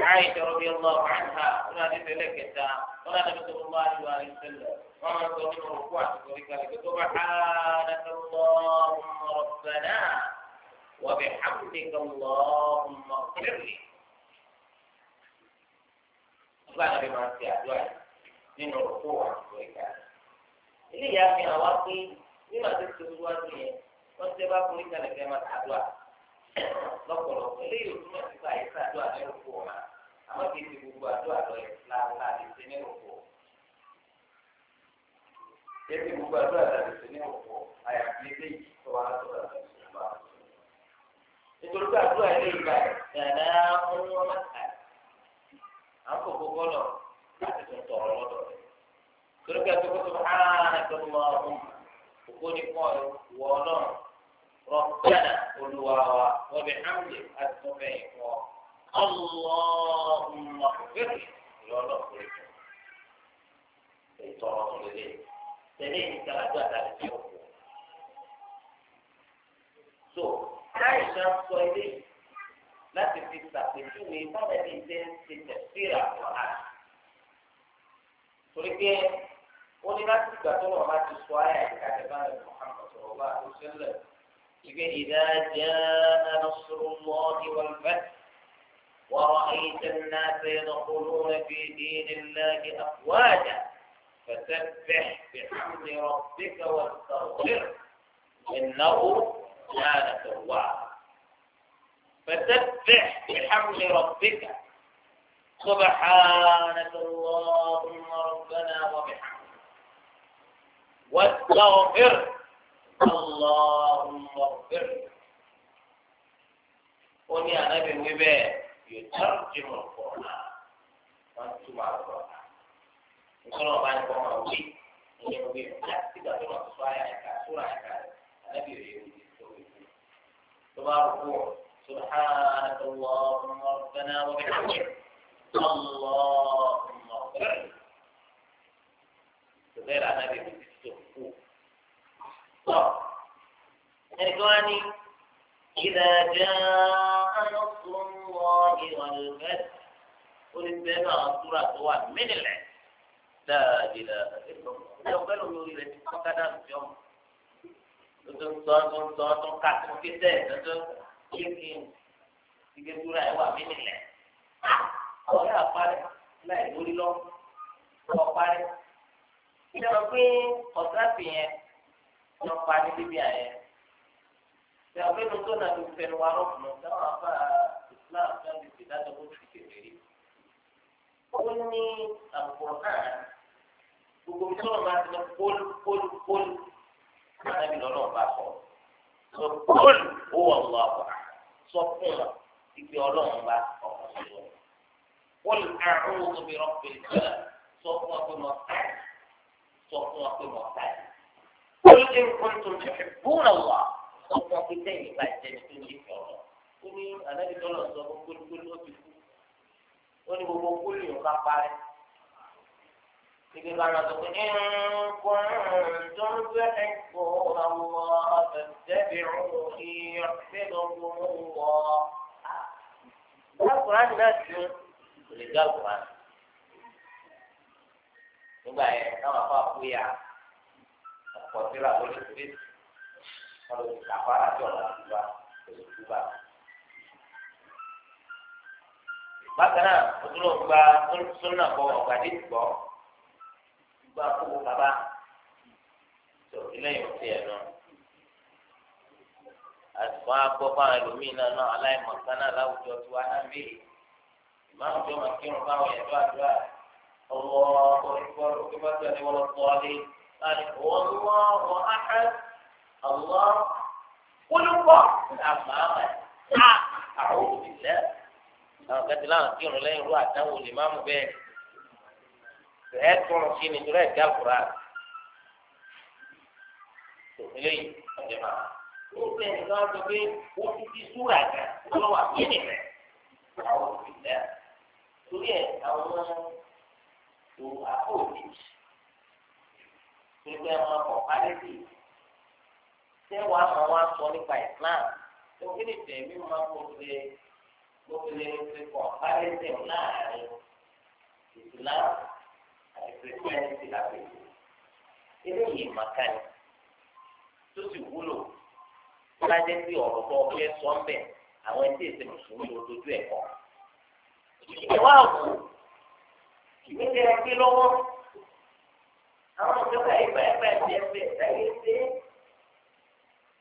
Láì jọrọ bí ọlọ́ọ̀ قال النبي الله عليه وسلم ومن قام ركوع ذلك سبحانك اللهم ربنا وبحمدك اللهم اغفر لي قال النبي ما في أدواء من ركوع ini yang awal ini masih sesuatu ya masih apa pun adua lọ́pọ̀lọpọ̀ eléyìí ò túmọ̀ sí báyìí sàdúrà àmọ́ kì í ti gbogbo àdó àlọ́ yẹn láàlá lè ṣe ní òkú. kì í ti gbogbo àdó àlọ́ lè ṣe ní òkú àyàfi ilé yìí tó wà lọ́dọ̀ àti ìṣòwò àti nítorí pé àdúrà ilé ìgbà yàrá ọmọ mẹ́ta àwọn kò gbọlọ láti tún tọrọ lọ́dọ̀ rẹ̀ torí pé àti kótó hàn ẹgbẹ̀rún wọn ọhún òkú ni kọ ìwọ Ọlọ́run rọpẹlẹ olúwa wa wọn bẹ hàn lè àti tún fẹ̀yìn fún ọ. اللهم اغفر لي يا الله اغفر ètò ọ̀rọ̀ tó lélẹ̀ tẹ̀lé ìdáradá àdáyé tí ó kù. so láìsí sọ ilé láti fi ṣàpèjúwe bọ́lá ní ilé ti tẹ̀síra wàhálà. torí pé ó ní láti ìgbà tó wọ́n bá ti sọ ayé àìkàlẹ̀ báyìí Muhammad sọ̀rọ̀ bá àlùsílẹ̀ ìgbé ìdájẹ́ ẹnusọ̀rọ̀ mọ́ ìwọ̀n fẹ́ẹ́. ورأيت الناس يدخلون في دين الله أفواجا فسبح بحمد ربك واستغفره إنه كان توابا فسبح بحمد ربك سبحانك اللهم ربنا وبحمدك واستغفر اللهم اغفر قل يا نبي وبيه يترجم القرآن وانتم على القرآن nǹkan náà bá ní kọ́ máa wí ìyẹn wí láti ìgbà tó máa sọ ayé àyíká sóra ربنا وبحمدك اللهم اغفر لي غير النبي في السوق ẹnìkan wá إذا جاء نصر الله والفتح قل إنما أسرة واحد من العلم لا إله إلا الله لو قالوا يوري لك فقد يوم tuntun sọ tuntun sọ tún ká tún ké sẹ tuntun kéèké ike tura ẹ wà mí nílẹ̀ ọ̀rẹ́ àparẹ láì lórí lọ ọparẹ ìjọba pé ọ̀sán fi yẹn lọ pa ní bíbí àyẹn ṣe àgbẹ̀nu tó nà ló fẹnu wa rọ̀kùnà táwọn afá islam náà lè fi dájọ́ bó ti kéde rí. ó ní àpò náà gbogbo tí wọn máa ti lọ pólú pólú pólú náà ní lọ́nà ọba sọ. sọ pólú ó wà wọ àbọ̀ sọ fún wa ibi ọlọ́run bá ọkọ̀ sí wọn. pólú àrùn òbí rọ̀pẹ̀ ìtura sọ fún wa pé mọ̀ táyì sọ fún wa pé mọ̀ táyì. قل إن كنتم تحبون الله ọmọ pé sẹ́yìn bá jẹ́ tó ní ọ̀rọ̀ ó ní ànábi tọ́lọ̀ sọ fún kólúkólú ó ti kú ó ní gbogbo kólú yóò bá parẹ́ ibi bára tó kún nǹkan tó ń fẹ́ ẹ̀kọ́ àwọn àtẹ̀tẹ̀bí ọ̀hún ìyọ̀fẹ́ lọ́gbọ̀n wọ̀ lákùnrin náà tún kò lè dá àgùnrin nígbà yẹn káwọn afọ àkúyà ọ̀pọ̀ síra lórí ìgbésí. Kalau lọ sí kàfàrà tí ọ̀la ti wá oṣù tó bá. bákan náà o tún lọ gba sọ́nà kọ ọ̀gádé gbọ́ gba kókó bàbá tó eléyìí ò tiẹ̀ náà àtùmọ̀ agbọ́ fáwọn ẹlòmíín náà náà aláìmọ̀ kaná láwùjọ tí wàá náà bí ìmáà òjò máa kírun fáwọn ẹ̀dọ́ àdúrà ọwọ́ ọkọ̀ الله قل الله الأمام أعوذ بالله àwọn kẹtì láwọn kírun lẹ́yìn ru àdáwò lè má mú bẹ́ẹ̀ ẹ tọrọ sí ni ìdúró ẹgbẹ́ àkùrá eléyìí ọjọ́ máa ó bẹ ẹni náà sọ pé ó ti di súrà gan lọ́wọ́ àbíyẹnì rẹ àwọn òbílẹ torí ẹ àwọn òwò àpò òbí torí pé ẹ máa kọ pálẹ́tì ṣé wàá máa wá sọ nípa Islam tó kí ni tẹ̀mí máa kó lè kó lè ṣe kọ̀ báyìí láàrin Islam àti Christianity lápẹ̀lú. eléyìí màkàní tó sì wúlò lájẹ́ sí ọ̀rọ̀ tó ọ̀pẹ́ sọ́ńbẹ̀ àwọn ẹtí èsè mùsùlùmí ló dojú ẹ̀ kọ́. ìwà àwò ìwé tẹ ẹ gbé lọ́wọ́ àwọn ìjọba ẹgbẹ́ ẹgbẹ́ ẹgbẹ́ ẹgbẹ́ ẹgbẹ́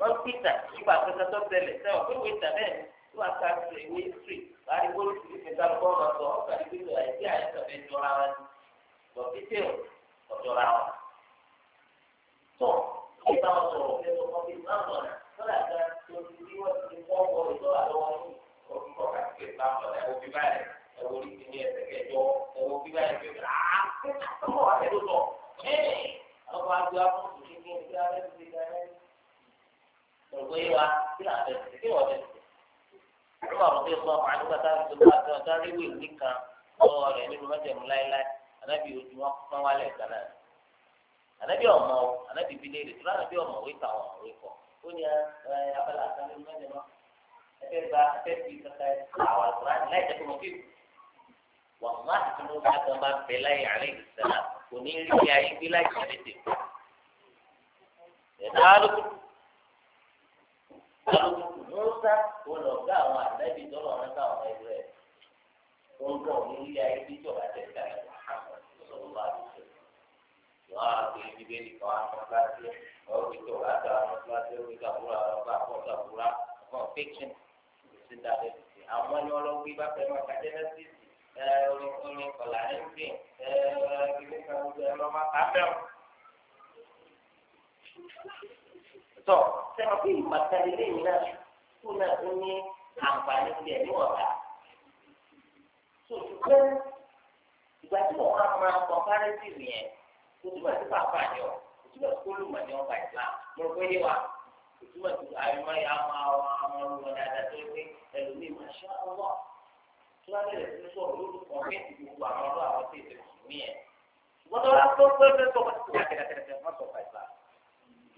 dókítà nípa kankan tó tẹlẹ sẹ́wọ̀n pé wíìtà bẹ́ẹ̀ tó wà ká ṣe ìwé history wà á rí bó ti fi ká gbọ́ ọ̀rọ̀ sọ ọ̀gá ìgbé tó ẹ̀ tí àyẹ̀kọ̀ bẹ́ẹ̀ jọra wọn dókítà ọ̀jọra wọn. tó ìgbà wọn sọ̀rọ̀ pé tó kọ́ bí báwọn náà lọ́dà kan tó ti rí wọ́n ti kọ́ ọ̀rọ̀ ìjọba lọ́wọ́ ní orúkọ ti ní ẹ̀sẹ̀ kẹjọ ẹ̀wọ̀ bíbá rẹ̀ òwe wa kí là bẹ tẹ kí wọ́n bẹ tẹ ló máa rọ̀bí ọgbọ́n àwọn àdúgbò táwọn tó bá tó ọjọ́ rí wíwí kan lọ́wọ́ rẹ̀ nínú mẹ́jẹ̀mú láéláé ànábì ojú wọn pọ́n wálẹ̀ gánà ànábì ọmọ o ànábì bí léèrè tó lánàbì ọmọ òwe kà wọn òwe kọ ó ní abala kan nínú mẹ́jẹ̀mú ẹgbẹ́ gba ẹgbẹ́ fi kankan àwọn àgbọ̀nrán láì Musa wọn lọ gá àwọn àtẹ́bí tó lọ rántá àwọn ẹgbẹ́ rẹ̀. Ó ń bọ̀ ní ilé ayé tí ìjọba tẹ̀ ká ẹ̀ sọ̀rọ̀ bá ti sọ. Wọ́n á gbé ibi nìkan àwọn kíláàsì ọ̀rọ̀ fi tó wá gba àwọn kíláàsì ọ̀rọ̀ fi kàbúrà ọ̀rọ̀ bá pọ̀ kàbúrà ọ̀kan fíkṣìn sí dáadé. Àwọn ni wọ́n lọ gbé bá fẹ́ máa ka Genesis orin orin kọ̀là ẹ̀ńdín ẹ̀ẹ́dẹ́gbẹ̀rún tọ sẹ́wọ́n pé ìmọ̀tẹ́lẹ́lẹ́ yìí náà tó náà tó ní àǹfààní tiẹ̀ ní ọ̀tá. sọ̀tù pé ìgbà tí wọ́n máa máa kọ̀ǹpárẹ́tìfì yẹn tó túbọ̀ sí pàápàá ni ọ̀ tó túbọ̀ sí kólùmọ̀ ni ọ̀gbà ìgbà mo rò pé yé wa tó túbọ̀ sí àyùmọ̀ yà máa wà àwọn ọmọ dáadáa tó pé ẹlòmíì máa ṣá ọwọ́ tó bá bẹ̀rẹ̀ sí sọ̀rọ̀ lórúkọ pé gbogbo àwọn ọlọ́ àwọn tó ìṣẹ̀lẹ̀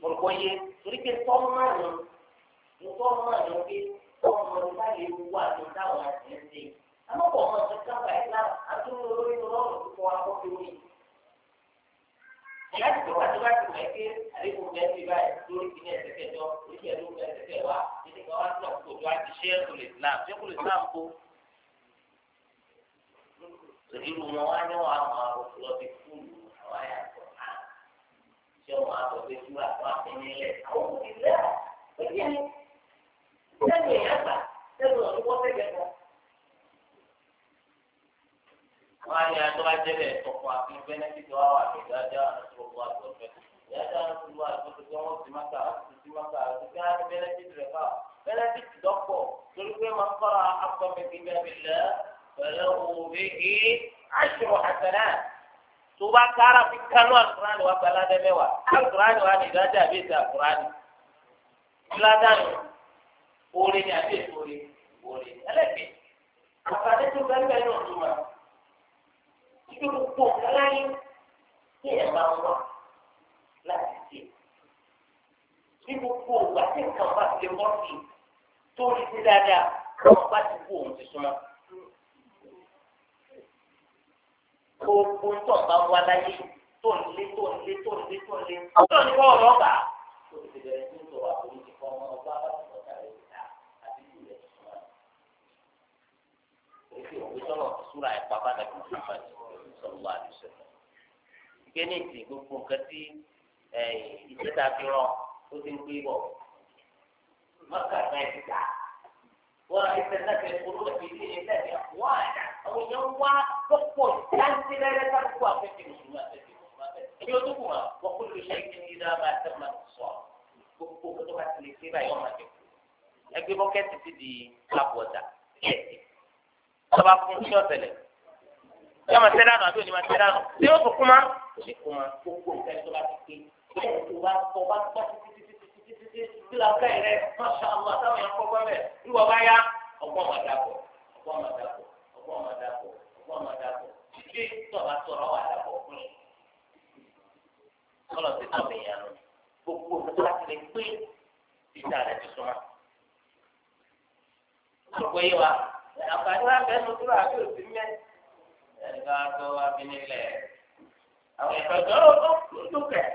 mọ̀lùkọ́ yé torí pé tọ́mọ márùn ní tọ́mọ márùn pé tọ́mọ nípa lè wú àti táwọn àti ẹ̀ ṣe. amọ̀pọ̀ ọmọ ti kápá ẹ̀ náà àtúntò lórí lọ́rùn púpọ̀ akọ́kọ́ mi. ìyá ti tọ́ka tó bá ti mọ̀ ẹ́ pé àlékún bẹ́ẹ̀ ti báyìí lórí kìíní ẹ̀sẹ̀ kẹjọ oríṣi ẹ̀dùn bẹ́ẹ̀ ẹ̀sẹ̀ kẹwàá nígbà wá sí ọ̀kọ̀jọ́ àti wá ní wọn àwọn àròkọ lọ ti fún àwọn tí wọn á sọ pé tí wọn àtọ àtẹnì lẹ àwọn òbí lẹ ó yẹ ní sẹ́nu èèyàn gbà sẹ́nu ọdún wọn fẹjẹ kọ. wọn á ní adó ajẹlẹ ọkọ àti bẹnẹfìtì wa wà lóde ajá àtúntò wa tó fẹ yàtọ̀ àtúntò wa tó fẹ wọn ti máa ta àtúntò ti máa ta àtúntò kí wọn á ní bẹnẹfìtì rẹ fà bẹnẹfìtì dọpọ torí pé máa kọ́ra akọ mi kí bẹ́ẹ̀ mi lẹ pẹ̀lú òwe yìí aṣọ àtẹnáà. tó bá kára fi kánú àkùránì wá pẹ̀lú adé mẹ́wàá àkùránì wá ní ìdájọ́ àbí ètò àkùránì ìlànà orí ni àbí ètò orí orí ẹlẹ́gbẹ̀ẹ́ àkàdé tó bẹ́ẹ̀ bẹ́ẹ̀ náà tó máa ibi gbogbo káláyé kí ẹ̀ máa wà láti ṣe bí gbogbo ògbà tí nǹkan bá ti mọ́ sí tó rí sí dáadáa kí bá ti kú òun ti súnmọ́. gbogbo tó bá wá láyé tó ń lé tó ń lé tó ń lé tó ń lé tó ń kọ́ ọ̀rọ̀ bá. tó ti bẹ̀rẹ̀ sí ìtò àforíjì fún ọmọ ọba aláṣọ kárẹ̀ ìta àti ìlẹ̀ ìṣúná. èsì òwe sọ̀rọ̀ súra ẹ̀ pàpà nàbí ìjọba sọ̀rọ̀ wà lóṣẹ̀. ìgbé ní ìsìn gbogbo nǹkan tí ìṣẹ́ ta fi rán ó ti ń gbé bọ̀. mọ́kà náà ti gbà. wọ́n ìṣẹ́ náà ti kúrò lẹ́bi ilé ẹ̀ tó pọ̀ láti rẹ́rẹ́ kápẹ́kọ̀ afẹ́fẹ́ mùsùlùmí afẹ́fẹ́ mùsùlùmí afẹ́fẹ́ ẹ̀yọ́ tó kù wá wọ́n kó lóṣẹ́ ìdíni ìdá máa tẹ́ máa sọ gbogbo kó tó bá ti lè ṣe báyọ̀ máa jẹ ẹgbẹ́ bọ́kẹ́tì ti di àbọ̀dà kẹ́ẹ̀tì tọ́ba fún sí ọ̀sẹ̀lẹ̀ yọ máa tẹ́ dànù àbí òní máa tẹ́ dànù tí yóò tún kúmá òní kúmá gbogbo nǹkan tó bá ti pé tó bá tó bá tó bá títí làbẹ́ rẹ máṣá àwọn àtàwọn yẹn kọ́ gbọ́mẹ̀ ìwọ bá yá ọgbọ́n máa dàpọ̀ ọgbọ́n máa dàpọ̀ ọgbọ́n máa dàpọ̀ kọ́ ọmọ dàpọ̀ ilé tọ̀ba wà dàpọ̀ fún yìí. kọ́lọ̀ ti tọ̀ mí yànnú gbogbo tó bá lè pé títà rẹ̀ ti súnmọ́. àgbẹ̀ yìí wa àǹfààní wa bẹ́ẹ̀ ló dúró àbí òsì mẹ́. ẹ̀ka tó wá bí nílẹ̀ àwọn ìfẹ̀jọ́ ló tó kẹ̀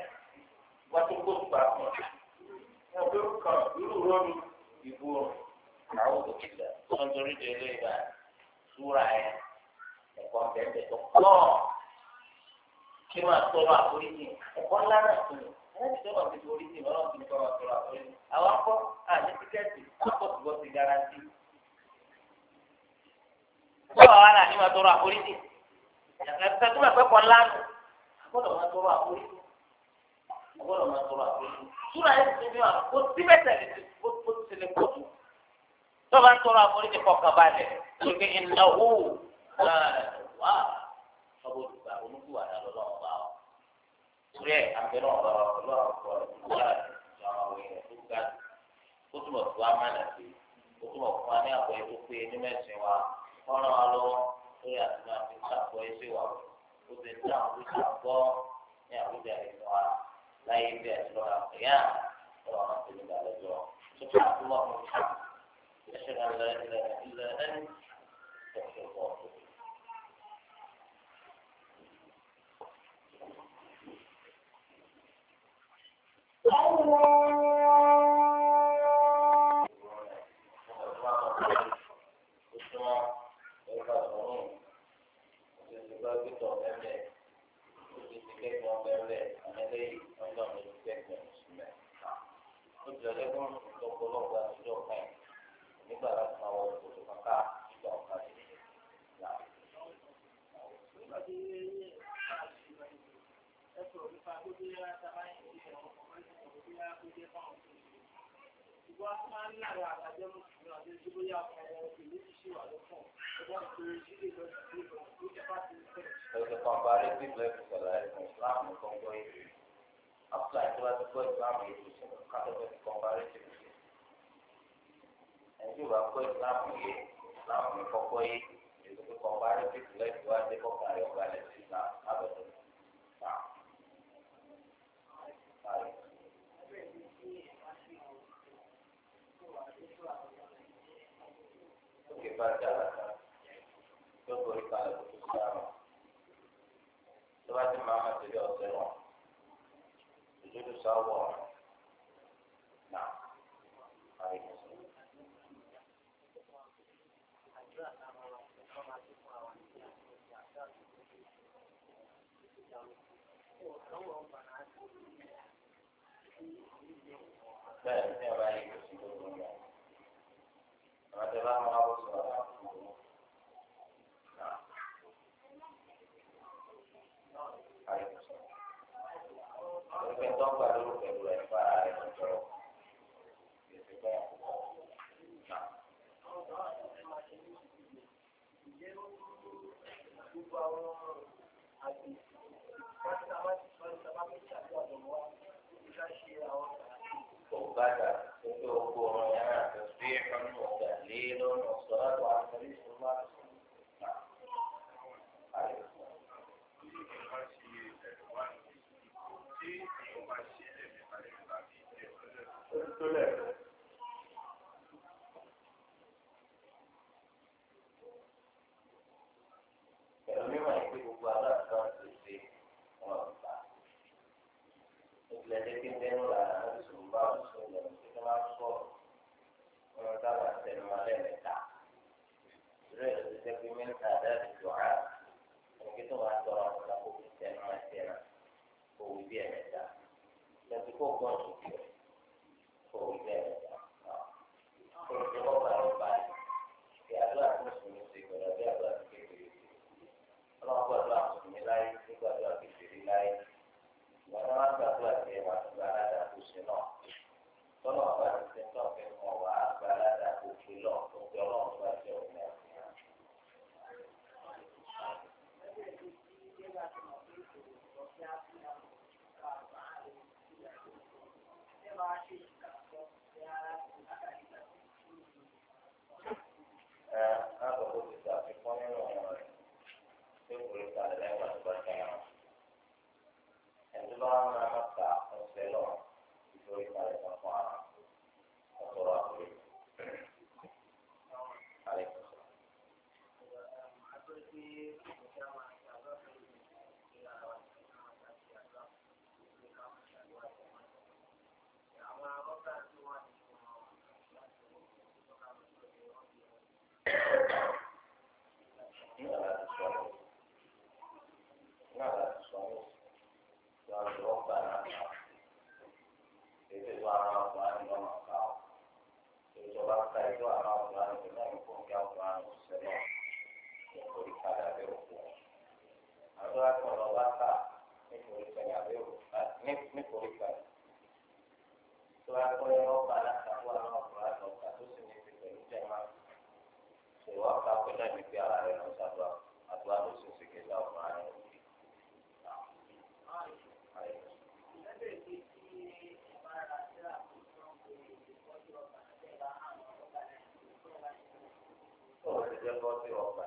wọ́n tó kó gbà fún un. wọ́n tó kàn irú rọ́ọ̀nù ìbò àwọn òkè lẹ̀ tó ń torí délé ìgbà súra yẹn ẹ̀kọ́ bẹ̀rẹ̀ tó pọ̀ kí máa tọrọ àforíjì ẹ̀kọ́ ńlá náà tó lò láti tọrọ àforíjì oríjì ọlọ́run ti tọrọ tọrọ àforíjì àwọn akọ àti tíkẹ́ẹ̀tì kọ́kọ́ tó bọ́ ti garanti. tọrọ àwọn àná ni máa tọrọ àforíjì ẹ̀ka tó máa pẹ́ kọ́ ńlá nù gbọ́dọ̀ máa tọrọ àforíjì gbọ́dọ̀ máa tọrọ àforíjì túnra ẹ̀ lára rẹ̀ wá ọ̀bọ̀ olùgbà olùkúwà náà lọ́wọ́ ọba ọ. Orí ẹ̀ àbẹ̀rẹ̀ ọ̀bà ọlọ́wọ́ ọ̀pọ̀ olùkúwà lọ́wọ́ àwọn èèyàn tó ga ó túnbọ̀ tó a máa nàbí ó túnbọ̀ fún wa ní àbọ̀ ètò pé ní mẹ́sìn wa ọ̀ràn wa lọ́wọ́ lórí àti máa fi sàbọ̀ ẹsẹ̀ wa ó ti ní àwọn tó sàbọ̀ ní àbújá ìlú wa láyé bí àti lọ́la ìyá ọ̀rọ̀ àti nígbà lọ́jọ́. Sọ́kà àti lọ́mọ Gracias. wá máa ń lára àgbàjẹ́ mùsùlùmí àti ẹni tó yá ọmọ ọmọ òkè méjì sí wà lọ́kàn ọgbọ́n ìpèrè sílé lọ sí ilé kan tó jẹ́ bá ti fẹ́. ẹ̀sẹ̀ pàmpárí bí ìlú ẹ̀kọ́ sọ̀rọ̀ ẹ̀sìn ìsìláàmù kan gbọ́ èdè áfíà tó bá ti gbọ́ ìsìláàmù èdè sọ̀rọ̀ kátọ́fẹ́ ti pàmpárí ti rù sí. ẹ̀sìn ìwà gbọ́ ìsìláàmù yé ìsìláàmù kọ́kọ́ yé èdè pàmpárí bí ìlú ẹ̀kọ́ wá dé kọ́kàrí ọ̀gá bá dára yóò borí kalẹ̀ tó tó sára tó bá ti máa ma tẹ̀lé ọ̀sẹ̀ wọn ìdúró sáwọ́ náà àyè kò sí. Bẹ́ẹ̀ni, ẹ bá yẹ kó sí gbogbo ọ̀gá. Àwọn àti bá máa. tó ń gbà lórí pẹ̀lú ẹ̀ fara rẹ̀ lọ́jọ́ ìgbésẹ̀ pé àkókò náà. Kò bá dà. bọ́ ọgbà.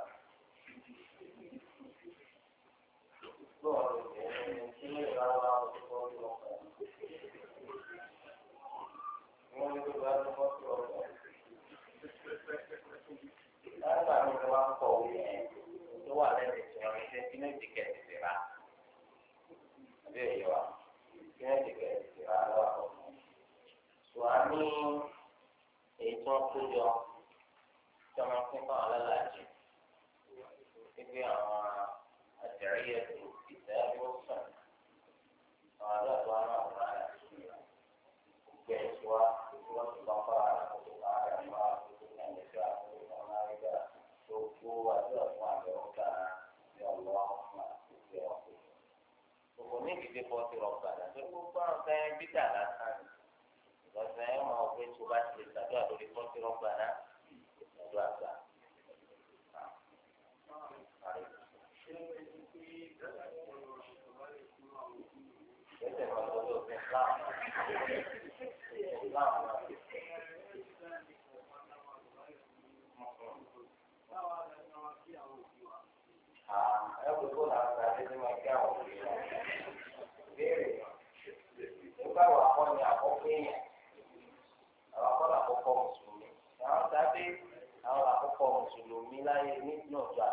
láyé ní ìlú ọ̀jọ́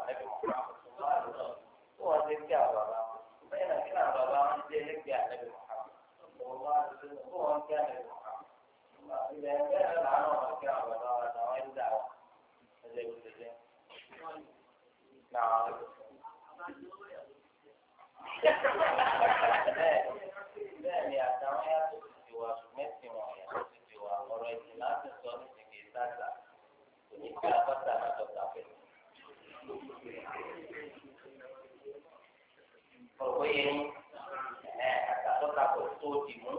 é A pessoa está por tudo de mundo.